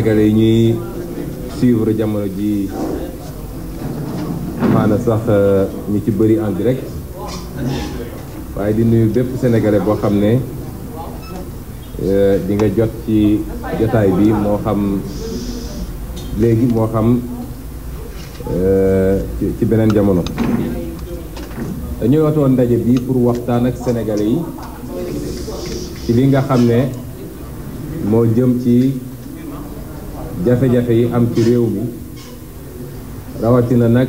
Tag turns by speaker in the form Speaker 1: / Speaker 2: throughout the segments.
Speaker 1: sénégalais yi ñuy suivre jamono ji maana sax euh, ñu ci bëri en direct waaye di nuyu bépp sénégalais boo xam ne euh, di nga jot ci jotaay bi moo xam léegi moo xam euh, ci beneen jamono dañuy watoon ndaje bi pour waxtaan ak sénégalais yi ci li nga xam ne moo jëm ci jafe-jafe yi am ci réew mi rawatina nag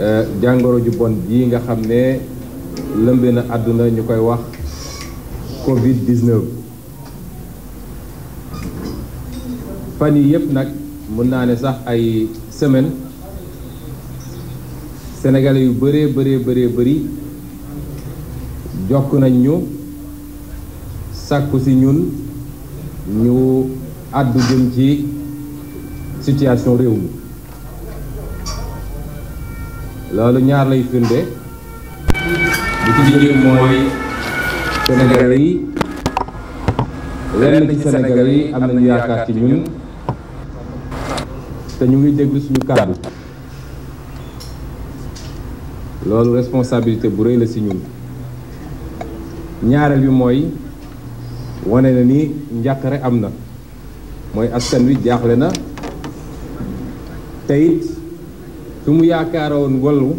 Speaker 1: euh, jàngoro ju bon jii nga xam ne lëmbe na àdduna ñu koy wax Covid 19. fan yi yëpp nag mën naa ne sax ay semaine sénégalais yu bëree bëree bëree bëri jokk nañ ñu sàkku ci ñun ñu. addu jëm ci situation réew mi loolu ñaar lay firnde bu ci liggéey mooy Sénégalais yi lenn ci Sénégalais yi am nañu yaakaar ci ñun te ñu ngi déglu suñu kàddu loolu responsabilité bu rëy la si ñun ñaareel bi mooy wone na ni njàqare am na mooy askan wi jaaxle na te it fu mu yaakaare woon wallu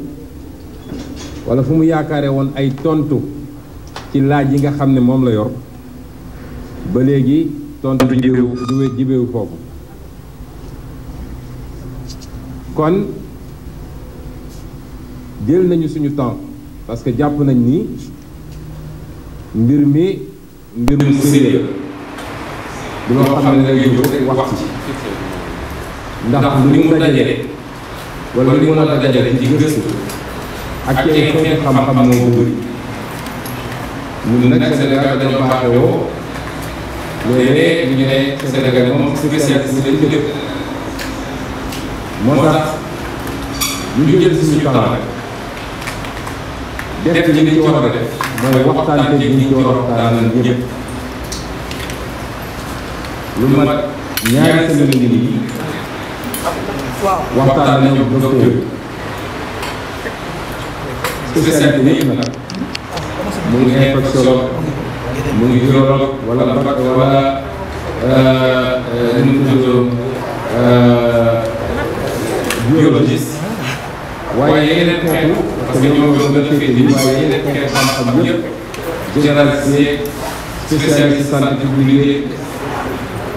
Speaker 1: wala fu mu yaakaare woon ay tontu ci laaj yi nga xam ne moom la yor ba léegi tontu jibeewu jibeewu foofu kon jël nañu suñu temps parce que jàpp nañ ni mbir mi mbir mu sérieux
Speaker 2: loo xam ne da ngay jóg
Speaker 1: rek wax ci ndax li mu dajale wala li mu mën a dajale ci gëstu ak ci ay xeetu xam-xam moo bëri ñun nag Sénégal dañoo baaxewoo léeg-léeg ñu ne Sénégal moom spécialiste lañ lépp moo tax ñu jël suñu temps rek def ci liñ ci war a def mooy waxtaan ci liñ ci war a waxtaanal ñëpp lu mat ñaari semaine ngi nii waxtaan nañu docteur spécialité yëpp nag mu ngi infectiologue mu ngi virologue wala ba wala euh, nu mu tudd euh, biologiste waaye yeneen xeetu parce que ñoom ñoo gën a féete waaye yeneen xeetu xam-xam yëpp généraliste spécialiste santé publique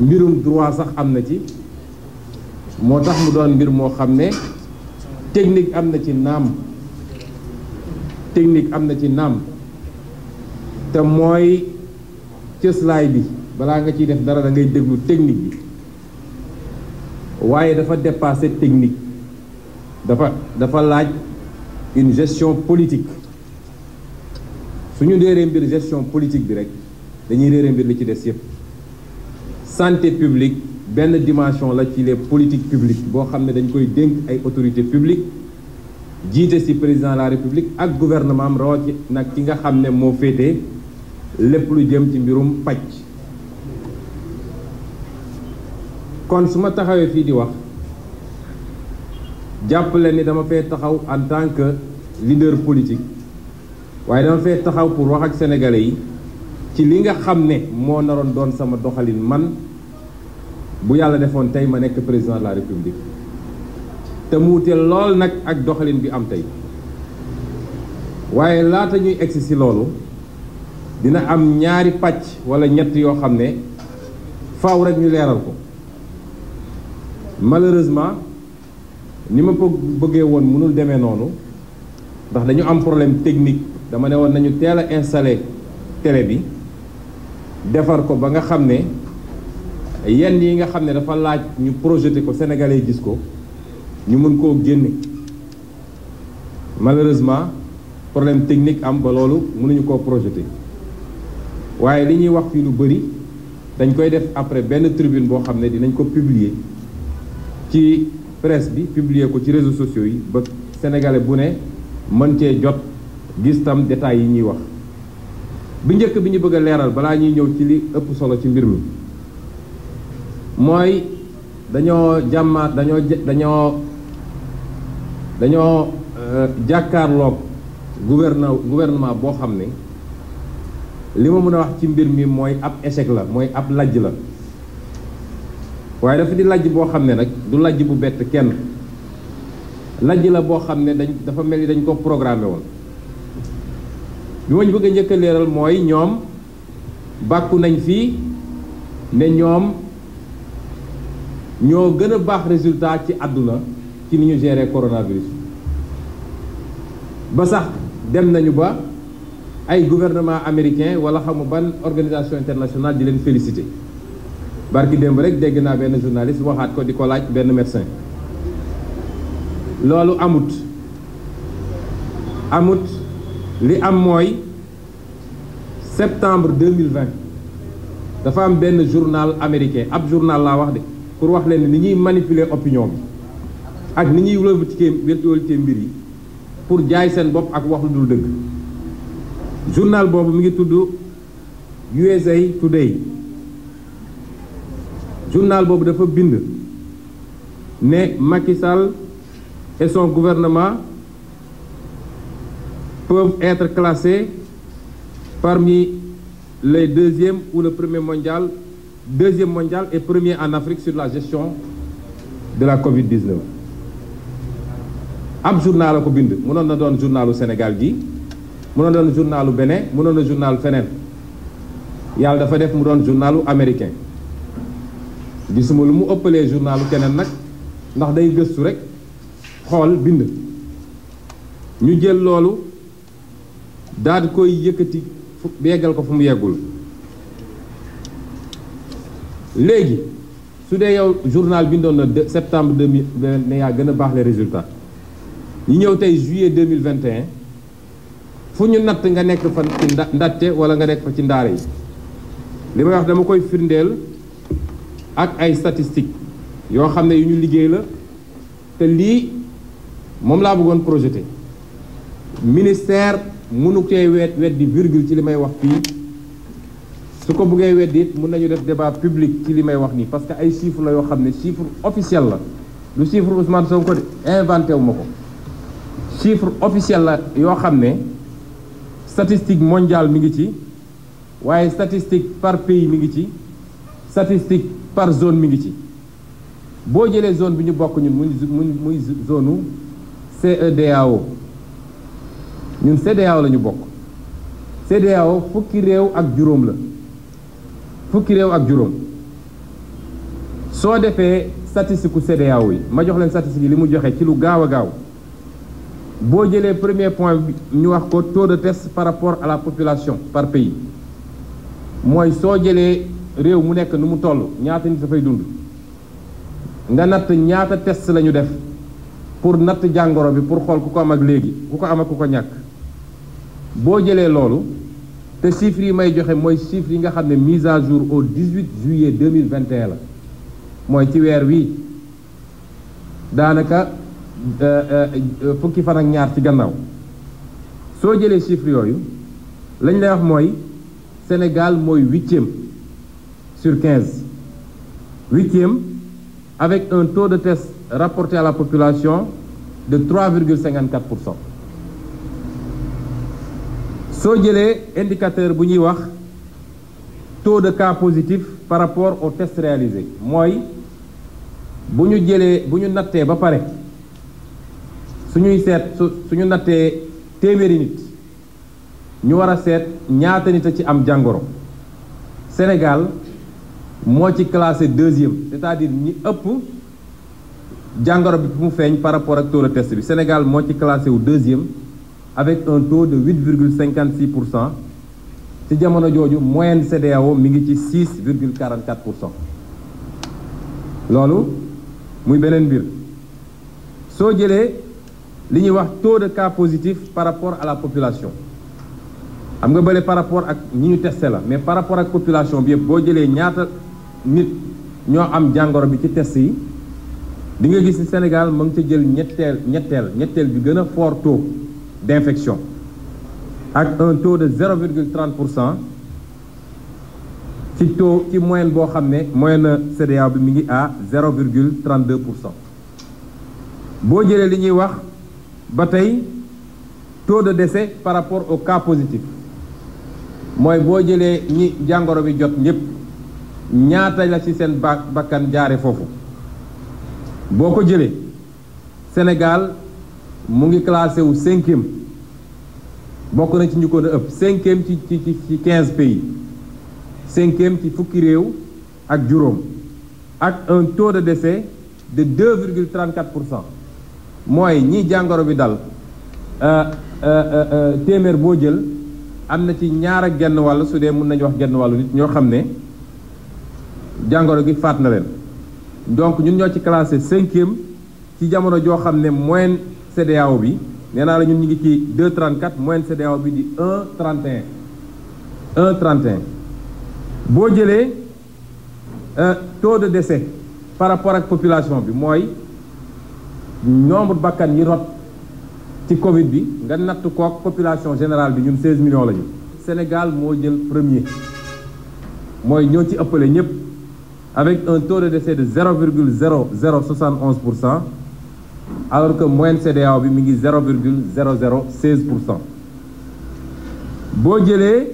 Speaker 1: mbirum droit sax am na ci moo tax mu doon mbir moo xam ne technique am na ci naam technique am na ci naam te mooy cëslaay bi balaa nga ciy def dara da ngay déglu technique bi waaye dafa dépassé technique dafa dafa laaj une gestion politique su ñu réeree mbir gestion politique bi rek dañuy réeree mbir li ci des yépp santé publique benn dimension la ci les politiques publique boo xam ne dañ koy dénk ay autorités publique jiite ci président la république ak gouvernement am rawati nag ki nga xam ne moo féete lépp lu jëm ci mbirum pàcc kon su ma taxawee fii di wax jàppale ni dama fee taxaw en tant que leader politique waaye dama fee taxaw pour wax ak sénégalais yi ci li nga xam ne moo naroon doon sama doxalin man bu yàlla defoon tey ma nekk président de la république te mu wute lool nag ak doxalin bi am tey waaye laata ñuy egsi si loolu dina am ñaari pàcc wala ñett yoo xam ne faaw rek ñu leeral ko malheureusement ni ma ko bëggee woon mënul demee noonu ndax dañu am problème technique dama ne woon nañu teel a installé télé bi defar ko ba nga xam ne yenn yi nga xam ne dafa laaj ñu projeté ko sénégalais gis ko ñu mën koo génne malheureusement problème technique am ba loolu mënuñu koo projeté waaye li ñuy wax fii lu bëri dañ koy def après benn tribune boo xam ne dinañ ko publier ci presse bi publier ko ci réseaux sociaux yi ba sénégalais bu ne mën cee jot gis tam détails yi ñuy wax bi njëkk bi ñu bëgg a leeral balaa ñuy ñëw ci li ëpp solo ci mbir mi mooy dañoo jàmmaat dañoo dañoo dañoo euh, jàkkaarloog gouvernement gouvernement boo xam ne li ma mën a wax ci mbir mi mooy ab échec la mooy ab lajj la waaye dafa di lajj boo xam ne nag du lajj bu bett kenn lajj la boo xam ne dañ dafa mel ni dañ ko programmé woon bi ma bëgg a njëkk a leeral mooy ñoom bàkku nañ fii ne ñoom ñoo gën a baax résultat ci àdduna ci ni ñu gérer coronavirus ba sax dem nañu ba ay gouvernement américain wala xamu ban organisation internationale di leen féliciter barki démb rek dégg naa benn journaliste waxaat ko di ko laaj benn médecin loolu amut amut li am mooy septembre 2020 dafa am benn journal américain ab journal laa wax de pour wax leen ni ñuy manipuler opinion bi ak ni ñuy wëlbatikee wëlbatikee mbir yi pour jaay seen bopp ak wax lu dul dëgg journal boobu mi ngi tudd USA Today journal boobu dafa bind ne makisal Sall son gouvernement peuvent être classés parmi les deuxième ou le premier mondiale deuxième mondial et premier en Afrique sur la gestion de la Covid-19. ab journal la ko bind mënoon na doon journalu Sénégal gi mënoon na doon journalu bene mënoon na journal feneen yàlla dafa def mu doon journalu américain gisuma lu mu ëppalee journalu keneen nag ndax day gëstu rek xool bind ñu jël loolu daal di koy yëkkati yeggal ko fu mu yeggul léegi su dee yow journal bindoon na de septembre deux mille vingt ne yaa gën a baax les résultats ñu ñëw tey juillet deux mille vingt et un fu ñu natt nga nekk fa ci ndatte wala nga nekk fa ci ndaare yi li may wax dama koy firndeel ak ay statistiques yoo xam ne yu ñu liggéey la te lii moom laa bëggoon projeté. ministère mënu koy weet weddi virgule ci li may wax fii su ko buggee weddi it mën nañu def débat public ci li may wax nii parce que ay chiffres la yoo xam ne chiffre officiel la lu chiffre Ousmane Sonko de inventé wu ma ko chiffre officiel la yoo xam ne statistique mondial mi ngi ci waaye statistique par pays mi ngi ci statistique par zone mi ngi ci boo jëlee zone bi ñu bokk ñun muy muy muy zone u CEDEAO ñun CEDEAO la ñu bokk CEDEAO fukki réew ak juróom la fukki réew ak juróom soo defee statistique u yi ma jox leen statistique yi li mu joxe ci lu gaaw a gaaw boo jëlee premier point bi ñu wax ko taux de test par rapport à la population par pays mooy soo jëlee réew mu nekk nu mu toll ñaata nit dafay dund nga natt ñaata test la ñu def pour natt jàngoro bi pour xool ku ko am ak léegi ku ko am ak ku ko ñàkk boo jëlee loolu te chiffres yi may joxe mooy chiffres yi nga xam ne mise à jour au 18 juillet 2021 la mooy ci weer wii daanaka euh, euh, fukki fan ak ñaar ci gannaaw soo jëlee chiffres yooyu lañ lay wax mooy Sénégal mooy huitième sur quinze huitième avec un taux de test rapporté la population de 3,54 pour cent soo jëlee indicateur bu ñuy wax taux de cas positif par rapport au test réalisé mooy bu ñu jëlee bu ñu nattee ba pare suñuy seet su suñu nattee téeméeri nit ñu war a seet ñaata nit a ci am jàngoro Sénégal moo ci classé deuxième c'est-à-dire ñi ëpp jàngoro bi bu mu feeñ par rapport ak taux de test bi Sénégal moo ci classé wu deuxième avec un taux de 8,56 pour cent ci jamono jooju moyenne CEDEAO mi ngi ci 6,44 pour cent loolu muy beneen mbir soo jëlee li ñuy wax taux de cas positif par rapport à la population xam nga bële par rapport ak ñi ñu testé la mais par rapport ak population bi yëpp boo jëlee ñaata nit ñoo am jàngoro bi ci test yi di nga gis ni Sénégal mu ngi ca jël ñetteel ñetteel ñetteel bi gën a fort d'infection ak un taux de 0,30 pour cent ci taux ci moyenne boo xam ne moyenne CEDEAO bi mi ngi à 0,32 pour cent boo jëlee li ñuy wax ba tey taux de décès par rapport au cas positif mooy boo jëlee ñi jàngoro bi jot ñëpp ñaata la ci seen ba bakkan jaare foofu boo ko jëlee Sénégal mu ngi classé wu cinquième bokk nañ ci ñu ko ëpp cinquième ci ci ci quinze pays cinquième ci fukki réew ak juróom ak un taux de décès de 2,34 pour cent mooy ñi jàngoro bi dal euh, euh, euh, téeméer boo jël am na ci ñaar ak genn wàll su dee mun nañu wax genn wàllu nit ñoo xam ne jàngoro gi faat na leen donc ñun ñoo ci classé cinquième ci jamono joo xam ne moyenne CEDEAO bi nee naa la ñun ñu ngi ci 2,34 moyenne CEDEAO bi di un 1,31 boo jëlee euh, taux de décès par rapport ak population bi mooy nombre bakkan yi rot ci Covid bi nga natt kook population générale bi ñun 16 million lañu Sénégal moo jël premier mooy ñëw ci ëppale ñëpp avec un taux de décès de 0,0071 pour cent. alors que moyenne CEDEAO bi mi ngi 0 virgule 0016 pour cent boo jëlee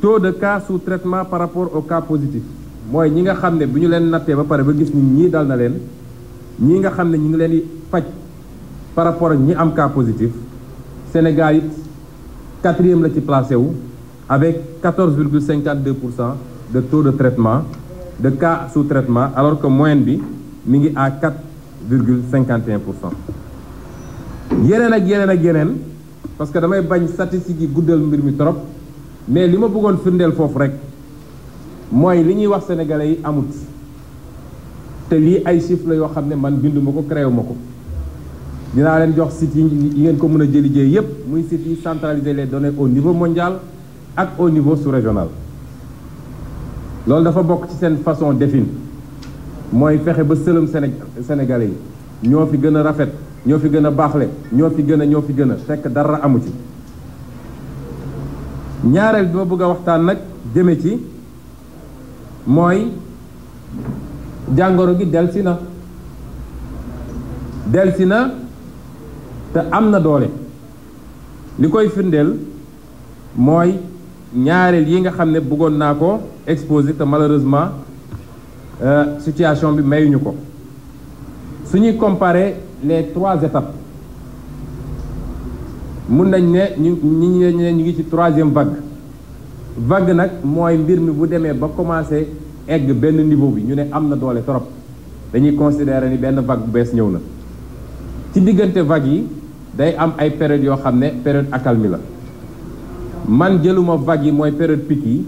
Speaker 1: taux de cas sous traitement par rapport au cas positif mooy ñi nga xam ne bu ñu leen nattee ba pare ba gis ni ñii dal na leen ñii nga xam ne ñu ngi leen di faj par rapport ak ñi am cas positif Sénégal it quatrième la ci placé wu avec 14 virgule 52 pour cent de taux de traitement de cas sous traitement alors que moyenne bi mi ngi à 4 virgule cinquante et un pour cent yeneen ak yeneen ak yeneen parce que damay bañ statistiques yi guddal mbir mi trop mais li ma bëggoon firndeel foofu rek mooy li ñuy wax sénégalais yi amut te lii ay chiffres la yoo xam ne man binduma ko créé ma ko dinaa leen jox sites yi ngeen ko mën a jëlijee yépp muy sites yi centraliser les données au niveau mondial ak au niveau sous-régional loolu dafa bokk ci seen façon défini mooy fexe ba sëlëm Séné sénégalais yi ñoo fi gën a rafet ñoo fi gën a baaxle ñoo fi gën a ñoo fi gën a fekk dara amu ci ñaareel bi ma bëgg waxtaan nag jëme ci mooy jàngoro gi delsi na delsi na te am na doole li koy firndeel mooy ñaareel yi nga xam ne bëggoon naa ko exposé te malheureusement Euh, situation bi mayuñu ko su ñuy comparer les trois étapes mun nañ ne ñu ñi ne ñu ngi ci troisième vague vague nag mooy mbir mi bu demee ba commencé egg benn niveau bi ñu ne am na doole trop dañuy considérer ni benn vague bu bees ñëw na ci diggante vague yi day am ay période yoo xam ne période accalmie la man jëluma vague yi mooy période pic yi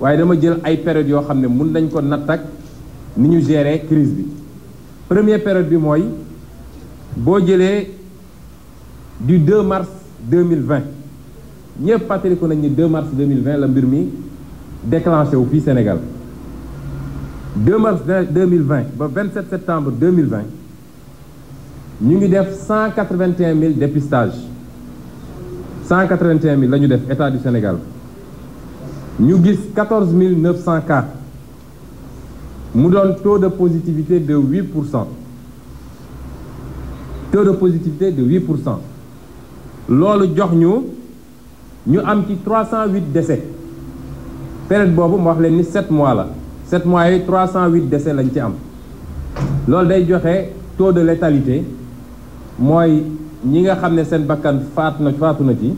Speaker 1: waaye dama jël ay période yoo xam ne mun nañ ko natt ak ni ñu gérer crise bi premier période bi mooy boo jëlee du 2 mars 2020 ñëpp fàttaliku nañ ni 2 mars 2020 la mbir mi déclenché wu fii Sénégal 2 mars 2020 ba 27 septembre 2020 ñu ngi def 181 000 dépistages 181 000 la ñu def état du Sénégal ñu gis 14 900 cas. mu doon taux de positivité de 8 pour cent taux de positivité de 8 pour cent loolu jox ñu ñu am ci 308 décès période boobu ma wax leen ni 7 mois la 7 mois yi 308 dese lañ ci am loolu day joxe taux de létalité mooy ñi nga xam ne seen bakkan faatu na faatu na ci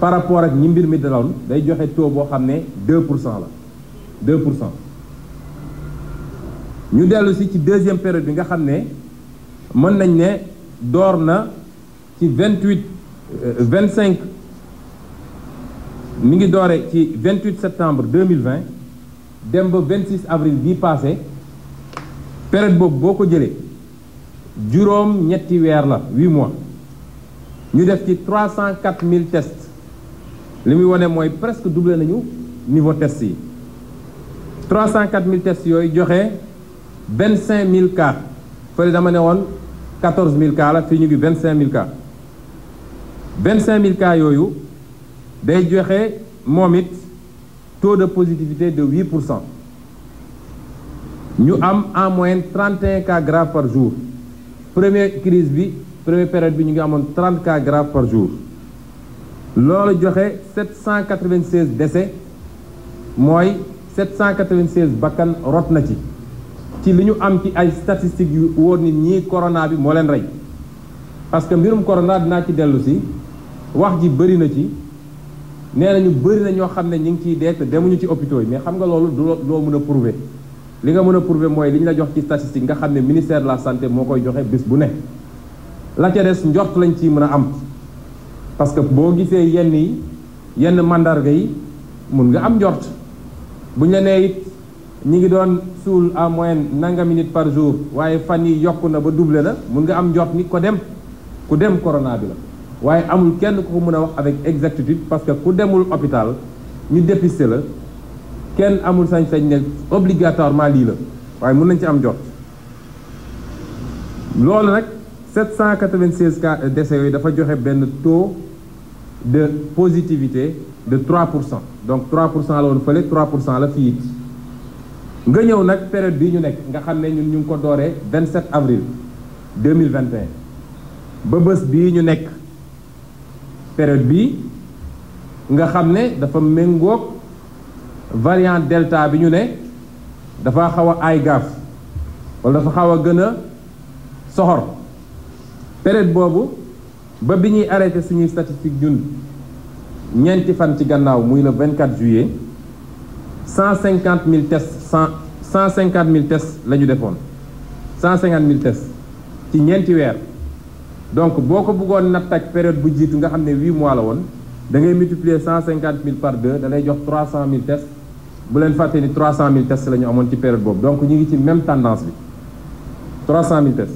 Speaker 1: par rapport ak ñi mbir mi daloon day joxe taux boo xam ne deux pour cent la 2 pour cent. ñu dellu si ci deuxième période bi nga xam ne mën nañ ne door na ci vingt huit euh, vingt cinq mi ngi doore ci vingt septembre deux mille vingt dem ba vingt six avril bi passé période boobu boo ko jëlee juróom ñetti weer la huit mois ñu def ci trois cent quatre mille tests li muy wane mooy presque doublé nañu niveau tests yi trois cent quatre mille tests yooy joxe. mille 000 cas fële dama ne woon 14 000 cas la fi ñu ngi 25 000 cas 25 000 cas yooyu day joxe moom it taux de positivité de 8 pour cent ñu am en moyenne 31 cas graves par jour première crise bi première période bi ñu ngi amoon 30 cas graves par jour loolu joxe 796 décès mooy 796 bakkan rot na ci. ci li ñu am ci ay statistiques yu wóor nit ñii corona bi moo leen rey parce que mbirum corona dinaa ci dellu si wax ji bëri na ci nee nañu bëri na ñoo xam ne ñu ngi ciy dee te demuñu ci hôpitaux yi mais xam nga loolu du loo mën a prouver li nga mën a prouver mooy li ñu la jox ci statistique nga xam ne ministère la santé moo koy joxe bis bu ne la ca des njort lañ ci mën a am parce que boo gisee yenn yi yenn màndarga yi mun nga am njort buñ la nee it ñu ngi doon suul en moyen nanga minute par jour waaye fan yi yokk na ba duble na mun nga am jot ni ko dem ku dem corona bi la waaye amul kenn ku ko mën a wax avec exactitude parce que ku demul hôpital ñu dépisté la kenn amul sañ-sañ ne obligatoirement lii la waaye mun nañ ci am jot loolu nag 796 cas décès yooyu dafa joxe benn taux de positivité de 3 pour cent donc 3 pour cent la woon fële 3 pour cent la fii it nga ñëw nag période bii ñu nekk nga xam ne ñun ñu ngi ko dooree 27 avril 2021 ba bés bii ñu nekk période bii nga xam ne dafa méngoog variant delta bi ñu ne dafa xaw a aay gaaf wala dafa xaw a gën a soxor période boobu ba bi ñuy arrêté suñuy statistique ñun ñeenti fan ci gannaaw muy le 24 juillet 150 000 tests. cent cent cinquante mille tests la ñu defoon cent cinquante mille tests ci ñeenti weer donc boo ko bëggoon natt ak période bu jiitu nga xam ne huit mois la woon da ngay multiplier cent cinquante mille par deux da lay jox trois cent mille tests bu leen fàtte ni trois cent mille tests la ñu amoon ci période boobu donc ñu ngi ci même tendance bi cent mille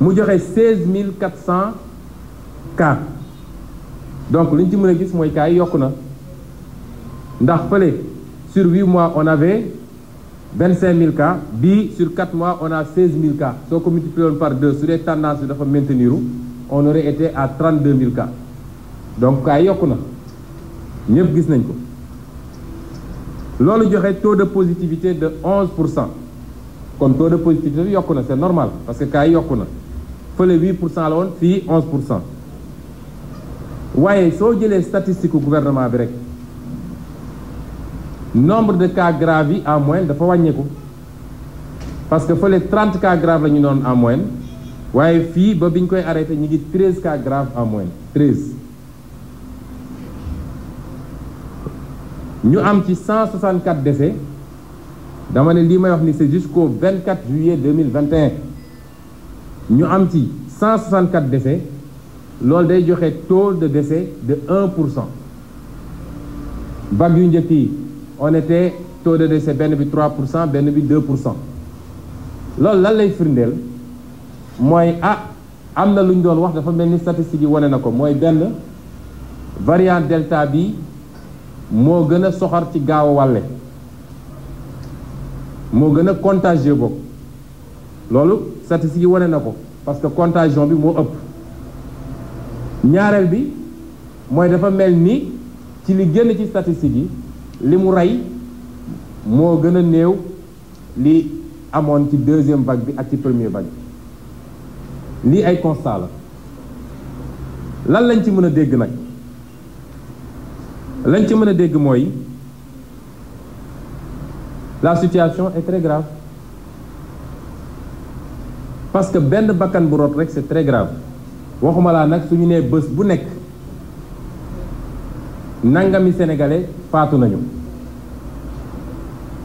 Speaker 1: mu joxe seize mille quatre cent cas donc li ñu ci mën a gis mooy cas yi yokku na ndax fële sur huit mois on avait 25 000 cas bi sur 4 mois on a 16 cas soo ko multiplié woon par 2 su dee tendance bi dafa maintenir on aurait été à 32 000 cas donc cas yokku na ñëpp gis nañ ko loolu joxe taux de positivité de 11 pour cent kon taux de positivité bi yokku na c'est normal parce que cas yi yokku na fële 8 pour cent la woon fii 11 pour cent waaye soo jëlee statistique gouvernement bi rek. nombre de cas graves yi en moyenne dafa wàññeeku parce que fële 30 cas graves la ñu doon en waaye fii ba bi koy arrêté ñu ngi 13 cas graves en moyenne ñu am ci 164 décès dama ne lii may wax ni c'est jusqu'au 24 juillet 2021 ñu am ci 164 décès loolu day joxe taux de décès de un pour cent vague yu njëkk yi. on était taux de décès benn bi trois pour cent benn bi 2 pour cent loolu lan lay firndeel mooy ah am na lu ñu doon wax dafa mel ni statistique yi wane na ko mooy benn variant delta bi moo gën a soxor ci gaaw a wàlle moo gën a contagieux bokk loolu statistique yi wane na ko parce que contagion bi moo ëpp ñaareel bi mooy dafa mel ni ci li génn ci statistique yi li mu rey moo gën a néew li amoon ci deuxième vague bi ak ci premier vague bi lii ay constat la lan lañ ci mën a dégg nag lañ ci mën a dégg mooy la situation est très grave parce que benn bakkan bu rot rek c'est très grave waxuma laa nag suñu nee bés bu nekk nangami sénégalais faatu nañu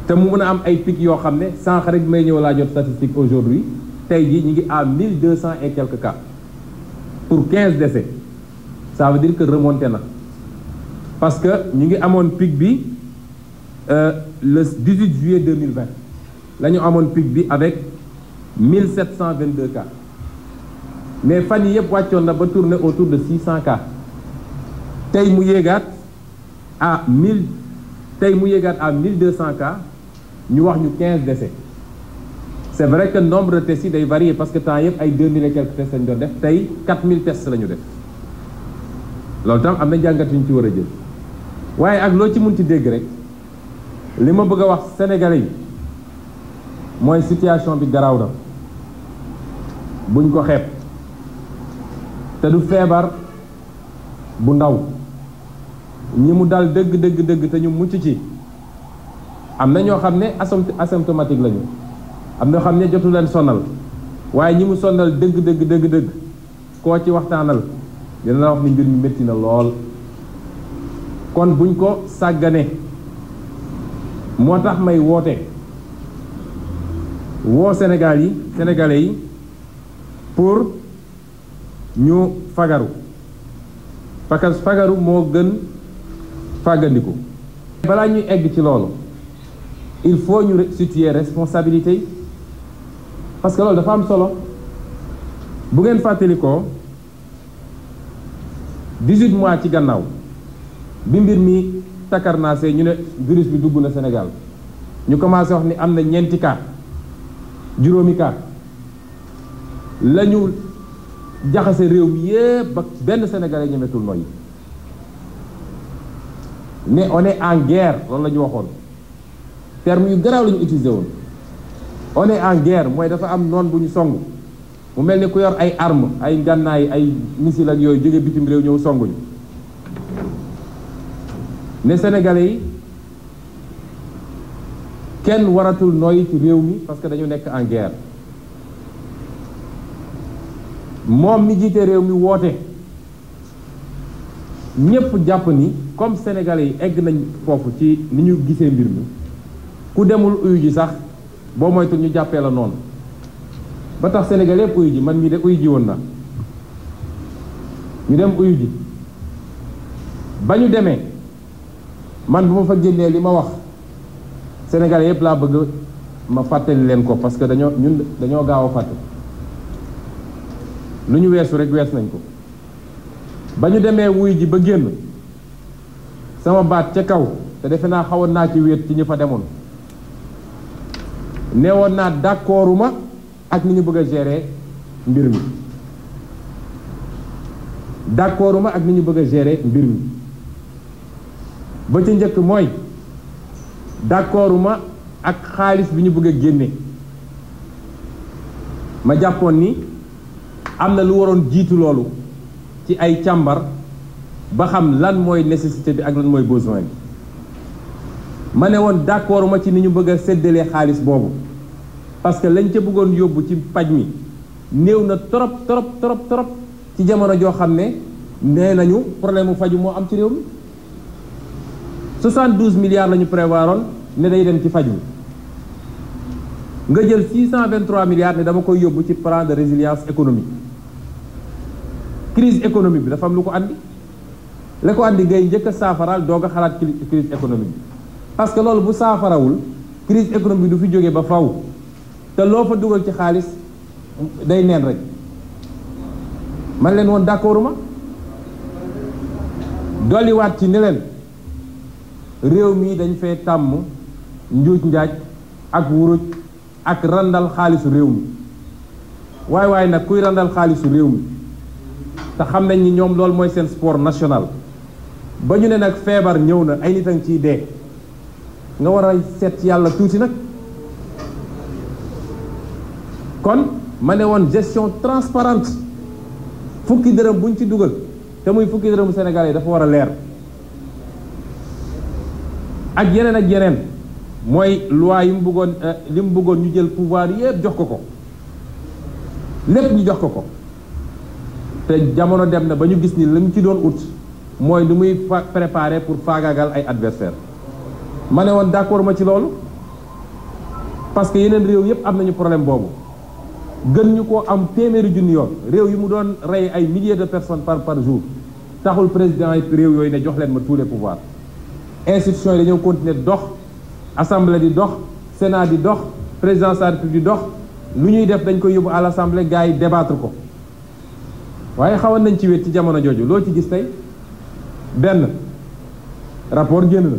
Speaker 1: te mu mën a am ay pic yoo xam ne sànq rek may ñëw laa jot statistique aujourd'hui tey jii ñu ngi à mille deux cent et quelques cas pour quinze décès ça veut que remonté na parce que ñu ngi amoon pic bi euh, le 18 juillet 2020 la ñu amoon pic bi avec 1722 cas mais fan yi yëpp wàccoon na ba tourner autour de 600 cas tey mu yéegaat ah 1000 tey mu yéegaat deux 1200 cas ñu wax ñu 15 décès c'est vrai que nombre de tests yi day varier parce que temps yëpp ay 2000 et quelques tests lañu doon def tey 4000 tests la ñu def loolu tam am na jàngat yu ñu ci war a jël waaye ak loo ci mun ci dégg rek li ma bëgg a wax sénégalais yi mooy situation bi garaw na buñ ko xeeb te du feebar bu ndaw. ñi mu dal dégg dëgg dëgg te ñu mucc ci am na ñoo xam ne asymptomatique lañu am na xam ne jotu leen sonal waaye ñi mu sonal dëgg dëgg dëgg koo ci waxtaanal dina wax ni mbir mi métti na lool kon buñ ko sàggane moo tax may woote woo Sénégal yi sénégalais yi pour ñu fagaru fakas fagaru moo gën fàggandiku balaa ñuy egg ci loolu il faut ñu situer responsabilité yi parce que loolu dafa am solo bu ngeen fàttalikoo 18 mois ci gannaaw bi mbir mi takarnaase ñu ne virus bi dugg na Sénégal ñu commencé wax ni am na ñeenti cas juróomi cas la ñu jaxase réew mi yépp ba benn sénégalais ñemetul noyyi ne on est en guerre loolu lañu waxoon terme yu garaaw la ñu utilisé woon on en guerre mooy dafa am noon bu ñu song mu mel ni ku yor ay arme ay ngànnaay ay missile ak yooyu jóge bitim réew ñëw songuñu ne sénégalais yi kenn waratul nooy ci réew mi parce que dañu nekk en moom mi jiite réew mi woote ñëpp jàpp ni comme sénégalais yi egg nañ foofu ci ni ñu gisee mbir mi ku demul uyu ji sax boo moytu ñu jàppee la noonu ba tax sénégalais yëpp uyu ji man mii de uyu ji woon na ñu dem uyu ji ba ñu demee man bu ma fa génnee li ma wax sénégalais yëpp laa bëgg ma fàttali leen ko parce que dañoo ñun dañoo gaaw a fàtte lu ñu weesu rek wees nañ ko ba ñu demee wuy ji ba génn sama baat ca kaw te defe naa xawoon naa ci wéet ci ñu fa demoon neewoon naa d'accorduma ak ni ñu bëgg a gérer mbir mi d'accorduma ak ni ñu bëgg a gérer mbir ba ca njëkk mooy d'accorduma ak xaalis bi ñu bëgg a génne ma jàppoon ni am na lu waroon jiitu loolu ci ay càmbar ba xam lan mooy nécessité bi ak lan mooy besoin bi ma ne woon d'accord ma ci ni ñu bëgg séddalee xaalis boobu parce que lañ ca bëggoon yóbbu ci paj mi néew na trop trop trop trop ci jamono joo xam ne nee nañu problème mu faju moo am ci réew mi 72 milliards la ñu prévoiroon ne day dem ci faj mi nga jël 623 milliards ne dama koy yóbbu ci plan de résilience économique crise économique bi dafa am lu ko andi la ko andi ngay njëkk a saafaraal doog a xalaat crise économique bi parce que loolu bu saafarawul crise économique bi du fi jógee ba faw te loo fa dugal ci xaalis day neen rek man leen woon d'accord ma dolliwaat ci ne leen réew mi dañ fee tàmm njuuj njaaj ak wuruj ak randal xaalisu réew mi waaye waaye nag kuy randal xaalisu réew mi te xam nañ ni ñoom loolu mooy seen sport national ba ñu ne nag feebar ñëw na ay nit a ngi ciy dee nga war a set yàlla tuuti nag kon ma ne woon gestion transparente fukki dërëm buñ ci dugal te muy fukki dërëmu senegal yi dafa war a leer ak yeneen ak yeneen mooy loi yi mu bëggoon euh, li mu buggoon ñu jël pouvoir yépp jox ko ko lépp ñu jox ko ko te jamono dem na ba ñu gis ni li mu ci doon ut mooy lu muy préparer pour faagaagal ay adversaire ma ne woon d'accord ma ci loolu parce que yeneen réew yëpp am nañu problème boobu gën ñu ko am téeméeri junni yoon réew yi mu doon rey ay milliers de personnes par par jour taxul président yi réew yooyu ne jox leen ma tous les pouvoirs institutions yi dañoo continuer dox assemblée di dox sénat di dox présidence de la di dox lu ñuy def dañ koy yóbbu à l'assemblée gars yi débattre ko waaye xawoon nañ ci wét ci jamono jooju loo ci gis tey benn rapport génn na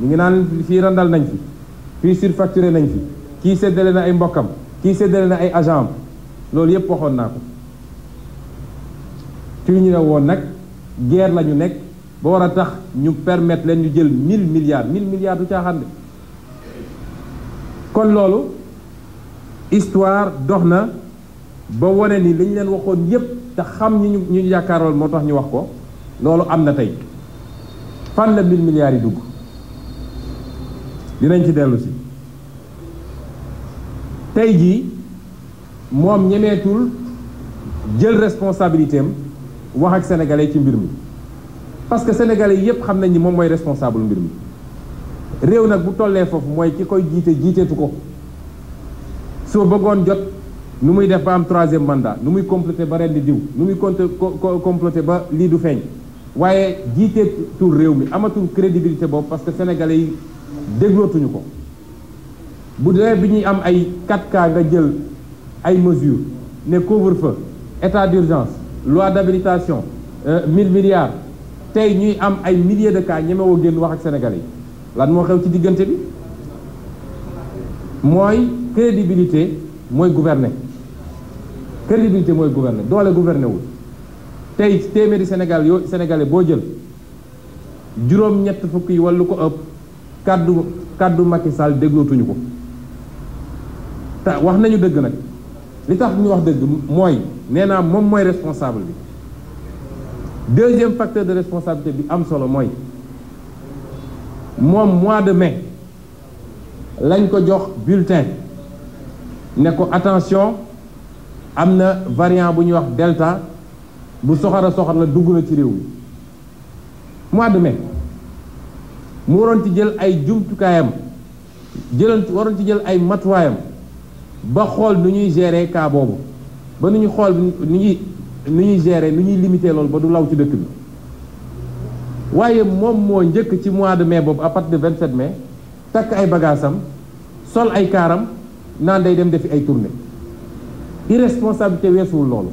Speaker 1: ñu ngi naan fii randal nañ fi fii surfacturé nañ fi kii séddale na ay mbokkam kii séddale na ay agent loolu yépp waxoon naa ko fii ñu ne woon nag guerre la ñu nekk ba war a tax ñu permettre leen ñu jël mill milliards mill milliards du caaxaan de kon loolu histoire dox na ba wane ni li ñu leen waxoon yépp te xam ñi ñu ñu yaakaaroon moo tax ñu wax ko loolu am na tey fan la 1000 milliards yi dugg dinañ ci dellusi tey jii moom ñemeetul jël responsabilité am wax ak sénégalais ci mbir mi parce que sénégalais yépp xam nañ ni moom mooy responsable mbir mi réew nag bu tollee foofu mooy ki koy jiite jiiteetu ko soo bëggoon jot. nu muy def ba am troisième mandat nu muy comploter ba rendi diw nu muy compte comploter ba lii du feeñ waaye jiitee tur réew mi amatul crédibilité boobu parce que sénégalais yi déglootuñu ko bu dee bi ñuy am ay 4 cas nga jël ay mesures ne couvre-feu état d'urgence loi d'habilitation euh, mille milliards tey ñuy am ay milliers de cas ñemewoo génn wax ak sénégalais yi lan moo xew ci diggante bi mooy crédibilité mooy gouverner crédibilité mooy gouverner doole gouverner wul tey téeméeri Sénégal yoo Sénégalais boo jël juróom-ñett fukk yi lu ko ëpp kàddu kàddu Macky Sall déglootuñu ko te wax nañu dëgg nag li tax ñu wax dëgg mooy nee naa moom mooy responsable bi deuxième facteur de responsabilité bi am solo mooy moom mois de mai lañ ko jox bulletin ne ko attention am na variant bu ñuy wax delta bu soxor a soxor la dugg na ci réew mi mois de mai mu waroon ci jël ay jumtukaayam jëlan waroon ci jël ay matuwaayam ba xool nu ñuy gérer cas boobu ba nu ñu xool ni ñuy nu ñuy gérer nu ñuy limiter loolu ba du law ci dëkk bi waaye moom moo njëkk ci mois de mai boobu à partir de 27 mai takk ay bagaasam sol ay kaaram naan day dem defi ay tournée irresponsabilité weesuwul loolu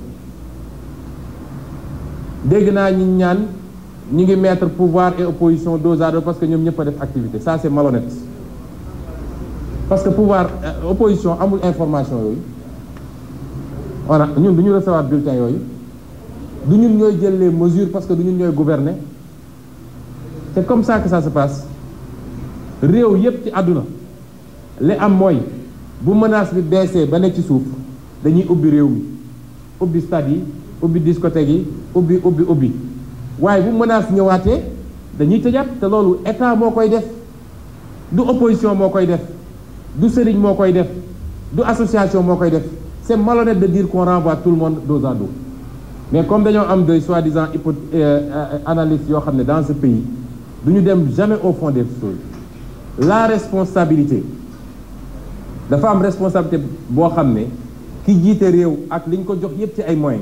Speaker 1: dégg naa ñi ñaan ñi ngi mettre pouvoir et opposition dos à parce que ñoom ñëpp a def activité ça c'est malhonnête parce que pouvoir euh, opposition amul information yooyu voilà ñun du ñu recevoir bulletin yooyu du ñu ñooy jël les parce que du ñun ñooy gouverner c'est comme ça que ça se passe réew yépp ci àdduna li am mooy bu menace bi baissé ba nekk ci suuf dañuy ubbi réew mi ubbi stade yi ubbi discothèque yi ubbi ubbi ubbi waaye bu menace ñëwaatee dañuy tëjaat te loolu état moo koy def du opposition moo koy def du sëriñ moo koy def du association moo koy def c'est malhonnête de dire qu'on renvoie tout le monde dos à dos mais comme dañoo am de soi-disant hypo euh, euh, analyse yoo xam ne dans ce pays du ñu dem jamais au fond des choses la responsabilité dafa am responsabilité boo xam ne ki jiite réew ak li ñu ko jox yépp ci ay moyens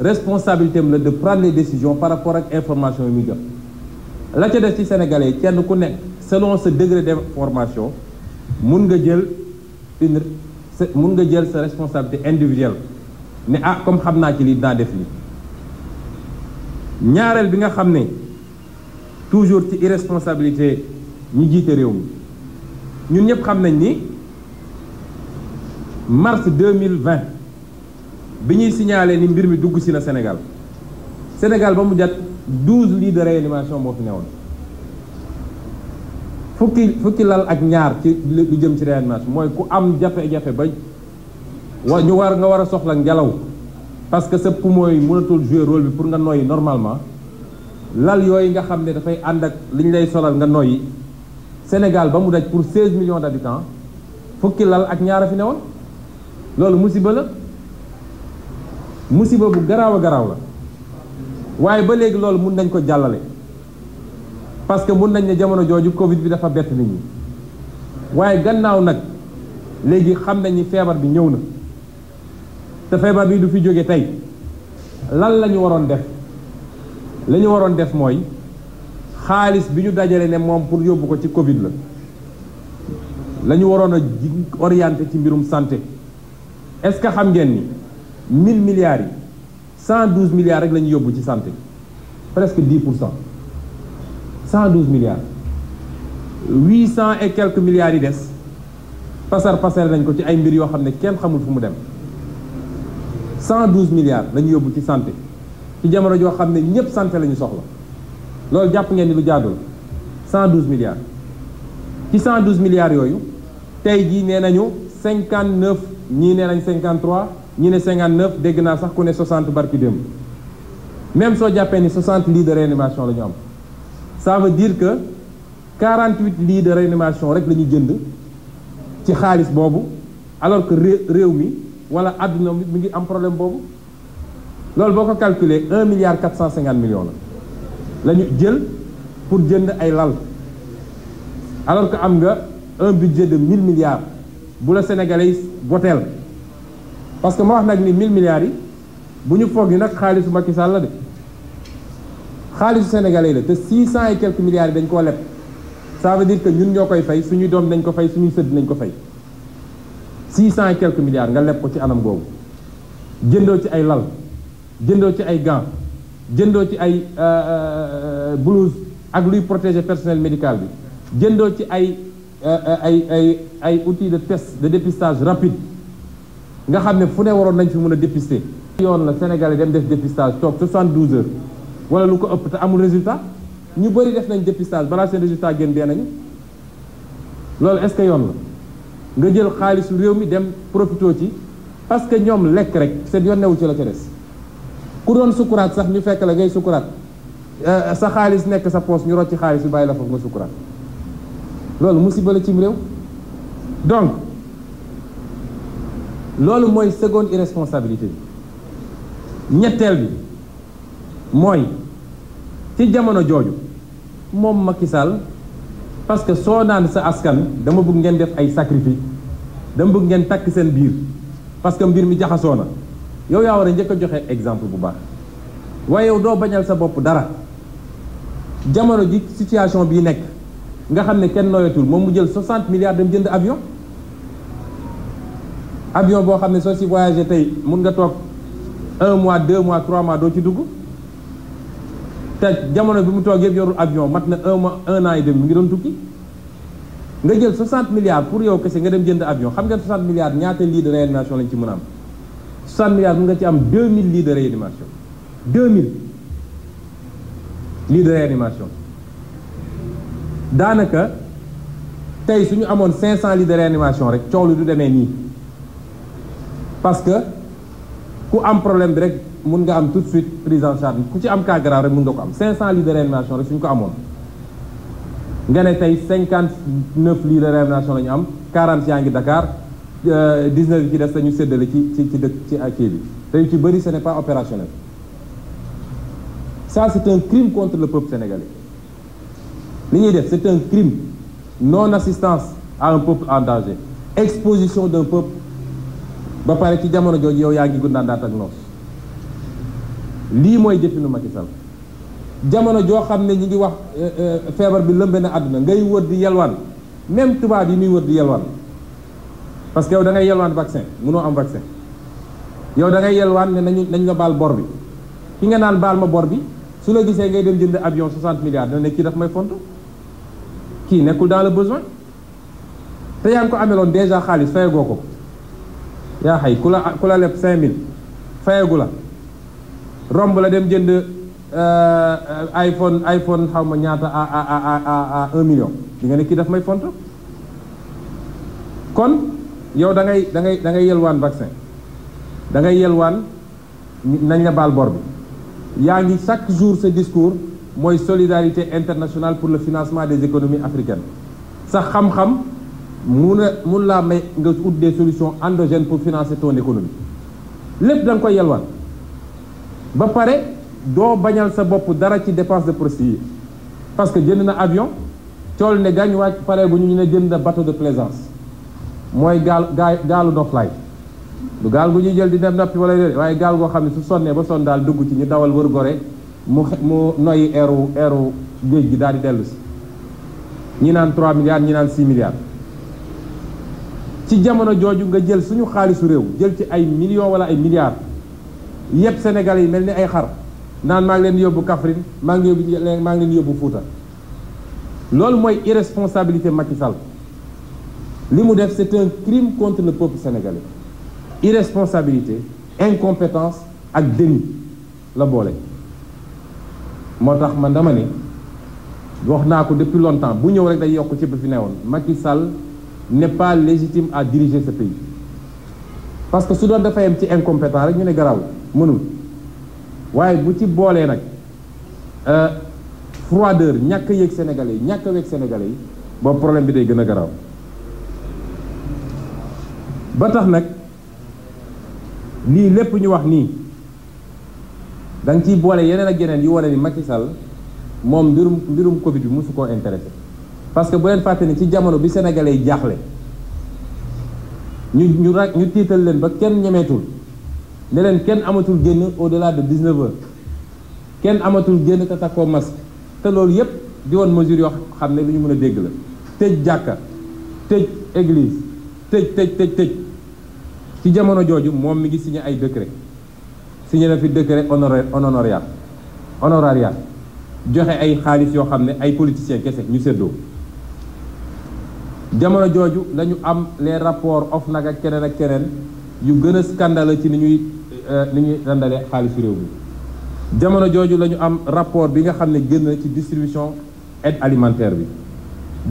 Speaker 1: responsabilité am la de prendre les décisions par rapport ak information yi muy jox la ca def ci sénégalais kenn ku nekk selon ce degré d'information mun nga jël une mun nga jël sa responsabilité individuelle ne ah comme xam naa ci lii daa def nii ñaareel bi nga xam ne toujours ci irresponsabilité ñu jiite réew mi ñun ñëpp xam nañ ni. mars 2020 bi ñuy signalé ni mbir mi dugg si na Sénégal Sénégal ba mu jat 12 lits de réanimation moo fi newoon fukki fukki lal ak ñaar ci lu jëm ci réanimation mooy ku am jafe-jafe ba wa ñu war nga war a soxla ngelaw parce que sa poumon yi mënatul jouer rôle bi pour nga noyyi normalement lal yooyu nga xam ne dafay ànd ak li ñu lay solal nga noyyi Sénégal ba mu daj pour 16 millions d'habitants fukki lal ak ñaar a fi newoon loolu musiba la musiba bu garaaw a garaaw la waaye ba léegi loolu mun nañ ko jàllale parce que mun nañ ne jamono jooju Covid bi dafa bett nit ñi waaye gannaaw nag léegi xam nañ ni feebar bi ñëw na te feebar bi du fi jóge tey lan la ñu waroon def lañu waroon def mooy xaalis bi ñu dajale ne moom pour yóbbu ko ci Covid la la ñu waroon a orienté ci mbirum santé. est-ce que xam ngeen ni 1000 milliards yi 112 milliards rek la ñu yóbbu ci santé presque 10 pour cent 112 milliards cent et quelques milliards yi des pasar pasar nañ ko ci ay mbir yoo xam ne kenn xamul fu mu dem 112 milliards la ñu yóbbu ci sante ci jamono joo xam ne ñëpp santé la ñu soxla loolu jàpp ngeen ni lu jaadul 112 milliards ci 112 milliards yooyu tey jii nee nañu 59. ñii nee nañ 53 ñii ne 59 dégg naa sax ku ne 60 barki démb même soo jàppee ni 60 lits de réanimation la ñu am ça veut dire que 48 lits de réanimation rek la ñu jënd ci xaalis boobu alors que réew mi wala àdduna mi ngi am problème boobu loolu boo ko calculer 1 milliard 450 millions la la ñu jël pour jënd ay lal alors que am nga un budget de 1000 bu la sénégalais yi parce que ma wax nag ni 1000 milliards yi bu ñu foog ni nag xaalisu Macky Sall la de xaalisu sénégalais yi la te 600 et quelques milliards yi dañ koo leb ça veut dire que ñun ñoo koy fay suñuy doom nañ ko fay suñuy sëdd nañ ko fay 600 et quelque milliards nga leb ko ci anam googu jëndoo ci ay lal jëndoo ci ay gants jëndoo ci ay euh, euh, euh, blouse ak luy protéger personnel médical bi jëndoo ci ay. ay ay ay outils de test de dépistage rapide nga xam ne fu ne waroon nañ fi mun a dépister. yoon la sénégal Sénégalais dem def dépistage toog 72 heures wala lu ko ëpp te amul résultat ñu bëri def nañ dépistage balaa seen résultat génn dee nañu loolu est-ce que yoon la nga jël xaalis xaalisu réew mi dem profitoo ci parce que ñoom lekk rek seen yoon newu ci la ca des ku doon sukuraat sax ñu fekk la ngay sukuraat euh, sa xaalis nekk sa poos ñu rocci xaalis bi bàyyi la foofu nga loolu mu musiba la cim réew donc loolu mooy seconde irresponsabilité bi ñetteel bi mooy ci jamono jooju moom Macky Sall parce que soo naan sa askan dama bugg ngeen def ay sacrifice dama bëgg ngeen takk seen biir parce que mbir mi jaxasoo na yow yaa war a njëkk a joxe exemple bu baax waaye yow doo bañal sa bopp dara jamono ji situation bi nekk nga xam ne kenn nooyatul moom mu jël 60 milliards dem jënd avion avion boo xam ne soo si voyagé tey mun nga toog un mois deux mois trois mois doo ci dugg te jamono bi mu toog yëpp yorul avion mat na un mois un an et demi mu ngi doon tukki nga jël 60 milliards pour yow kese nga dem jënd avion xam nga 60 milliards ñaata lits de réanimation lañ ci mën am 60 milliards mun nga ci am 2000 lits de réanimation 2000 lits de réanimation. daanaka tey su ñu amoon 500 lits de réanimation rek coow lu du demee nii parce que ku am problème bi rek mun nga am tout de suite prise en charge ku ci am cas grave rek mun nga ko am 500 lits de réanimation rek suñ ko amoon nga ne tey 59 lits de réanimation la ñu am quarante yaa ngi Dakar 19 euh, yi ci des dañu séddale ci ci ci dëkk ci kii bi te ci bëri ce n'est pas opérationnel ça c'est un crime contre le peuple sénégalais. li ñuy def c'est un crime non assistance à un peuple en danger exposition d'un peuple ba pare ci jamono jooju yow yaa ngi guddaan daat ak noos lii mooy jëfinu Macky Sall jamono joo xam ne ñu ngi wax euh, euh, feebar bi lëmbe na àdduna ngay wër di yelwaan même tubaab yi muy wër di yelwaan parce que yow da ngay yelwaan vaccin mënoo am vaccin yow da ngay yelwaan ne nañu nañ la baal bor bi ki nga naan baal ma bor bi su la gisee ngay dem jënd avion 60 milliards dana ne kii daf may fontu kii nekkul dans le besoin te yaa ngi ko ameloon déjà xaalis fayagoo ko yaa xay ku la ku la leb 5000 fayagu la romb la dem jënd euh, iPhone iPhone xaw ma ñaata a à à à million di nga ne kii daf may font kon yow dangay dangay dangay ngay da yelwaan vaccin da ngay yelwaan nañ la baal bor bi yaa ngi chaque jour sa discours. mooy solidarité internationale pour le financement des économies africaines sax xam-xam mun a mun laa may nga ut des solutions endogènes pour financer ton économie lépp da nga koy yalwaan ba pare doo bañal sa bopp dara ci dépense de procédure parce que jënd na avion cool ne gaañ wàcc pare bu ñu ne jënd na bateau de plaisance mooy gaal gaal gaalu noflaay du gaal bu ñuy jël di dem nappi wala déedéet waaye gaal goo xam ne su sonnee ba sonn daal dugg ci ñu dawal wër gore mu mu noyyi eeru eeru géej gi daal di dellusi ñi naan 3 milliards ñi naan 6 milliards ci jamono jooju nga jël suñu xaalisu réew jël ci ay millions wala ay milliards yépp Sénégal yi mel ni ay xar naan maa ngi leen yóbbu Kaffrine maa ngi yóbbu maa ngi leen yóbbu Fouta loolu mooy irresponsabilité Macky li mu def c'est un crime contre le peuple sénégalais irresponsabilité incompétence ak déni la boole. moo tax man dama ni wax naa ko depuis longtemps bu ñëw rek day yokk ci bi fi newoon Macky Sall n'est pas légitime à diriger ce pays parce que su doon dafa yem ci incompétent rek ñu ne garaw mënul waaye bu ci boolee nag euh, froideur ñàkk yéeg sénégalais yi ñàkk a weeg yi boobu problème bi day gën a garaw ba tax nag lii lépp ñu wax nii da nga ciy boole yeneen ak yeneen yu wane ni Macky Sall moom mbirum mbirum Covid bi mosu koo intéressé parce que bu leen fàtte ni ci jamono bi sénégalais yi jaaxle ñu ñu ra ñu tiital leen ba kenn ñemeetul ne leen kenn amatul génn au delà de 19 kenn amatul génn te takkoo masque te loolu yépp di woon mesure yoo xam ne lu ñu mën a dégg la tëj jàkka tëj église tëj tëj tëj ci jamono jooju moom mi ngi signé ay décret signé na fi décret honoraire honorariat honorariat joxe ay xaalis yoo xam ne ay politiciens kese ñu séddoo jamono jooju lañu am am rapport rapports nag ak keneen ak keneen yu gën a scandale ci ni ñuy euh, ni ñuy randalee xaalisu réew mi jamono jooju la ñu am rapport bi nga xam ne gën na ci distribution aide alimentaire bi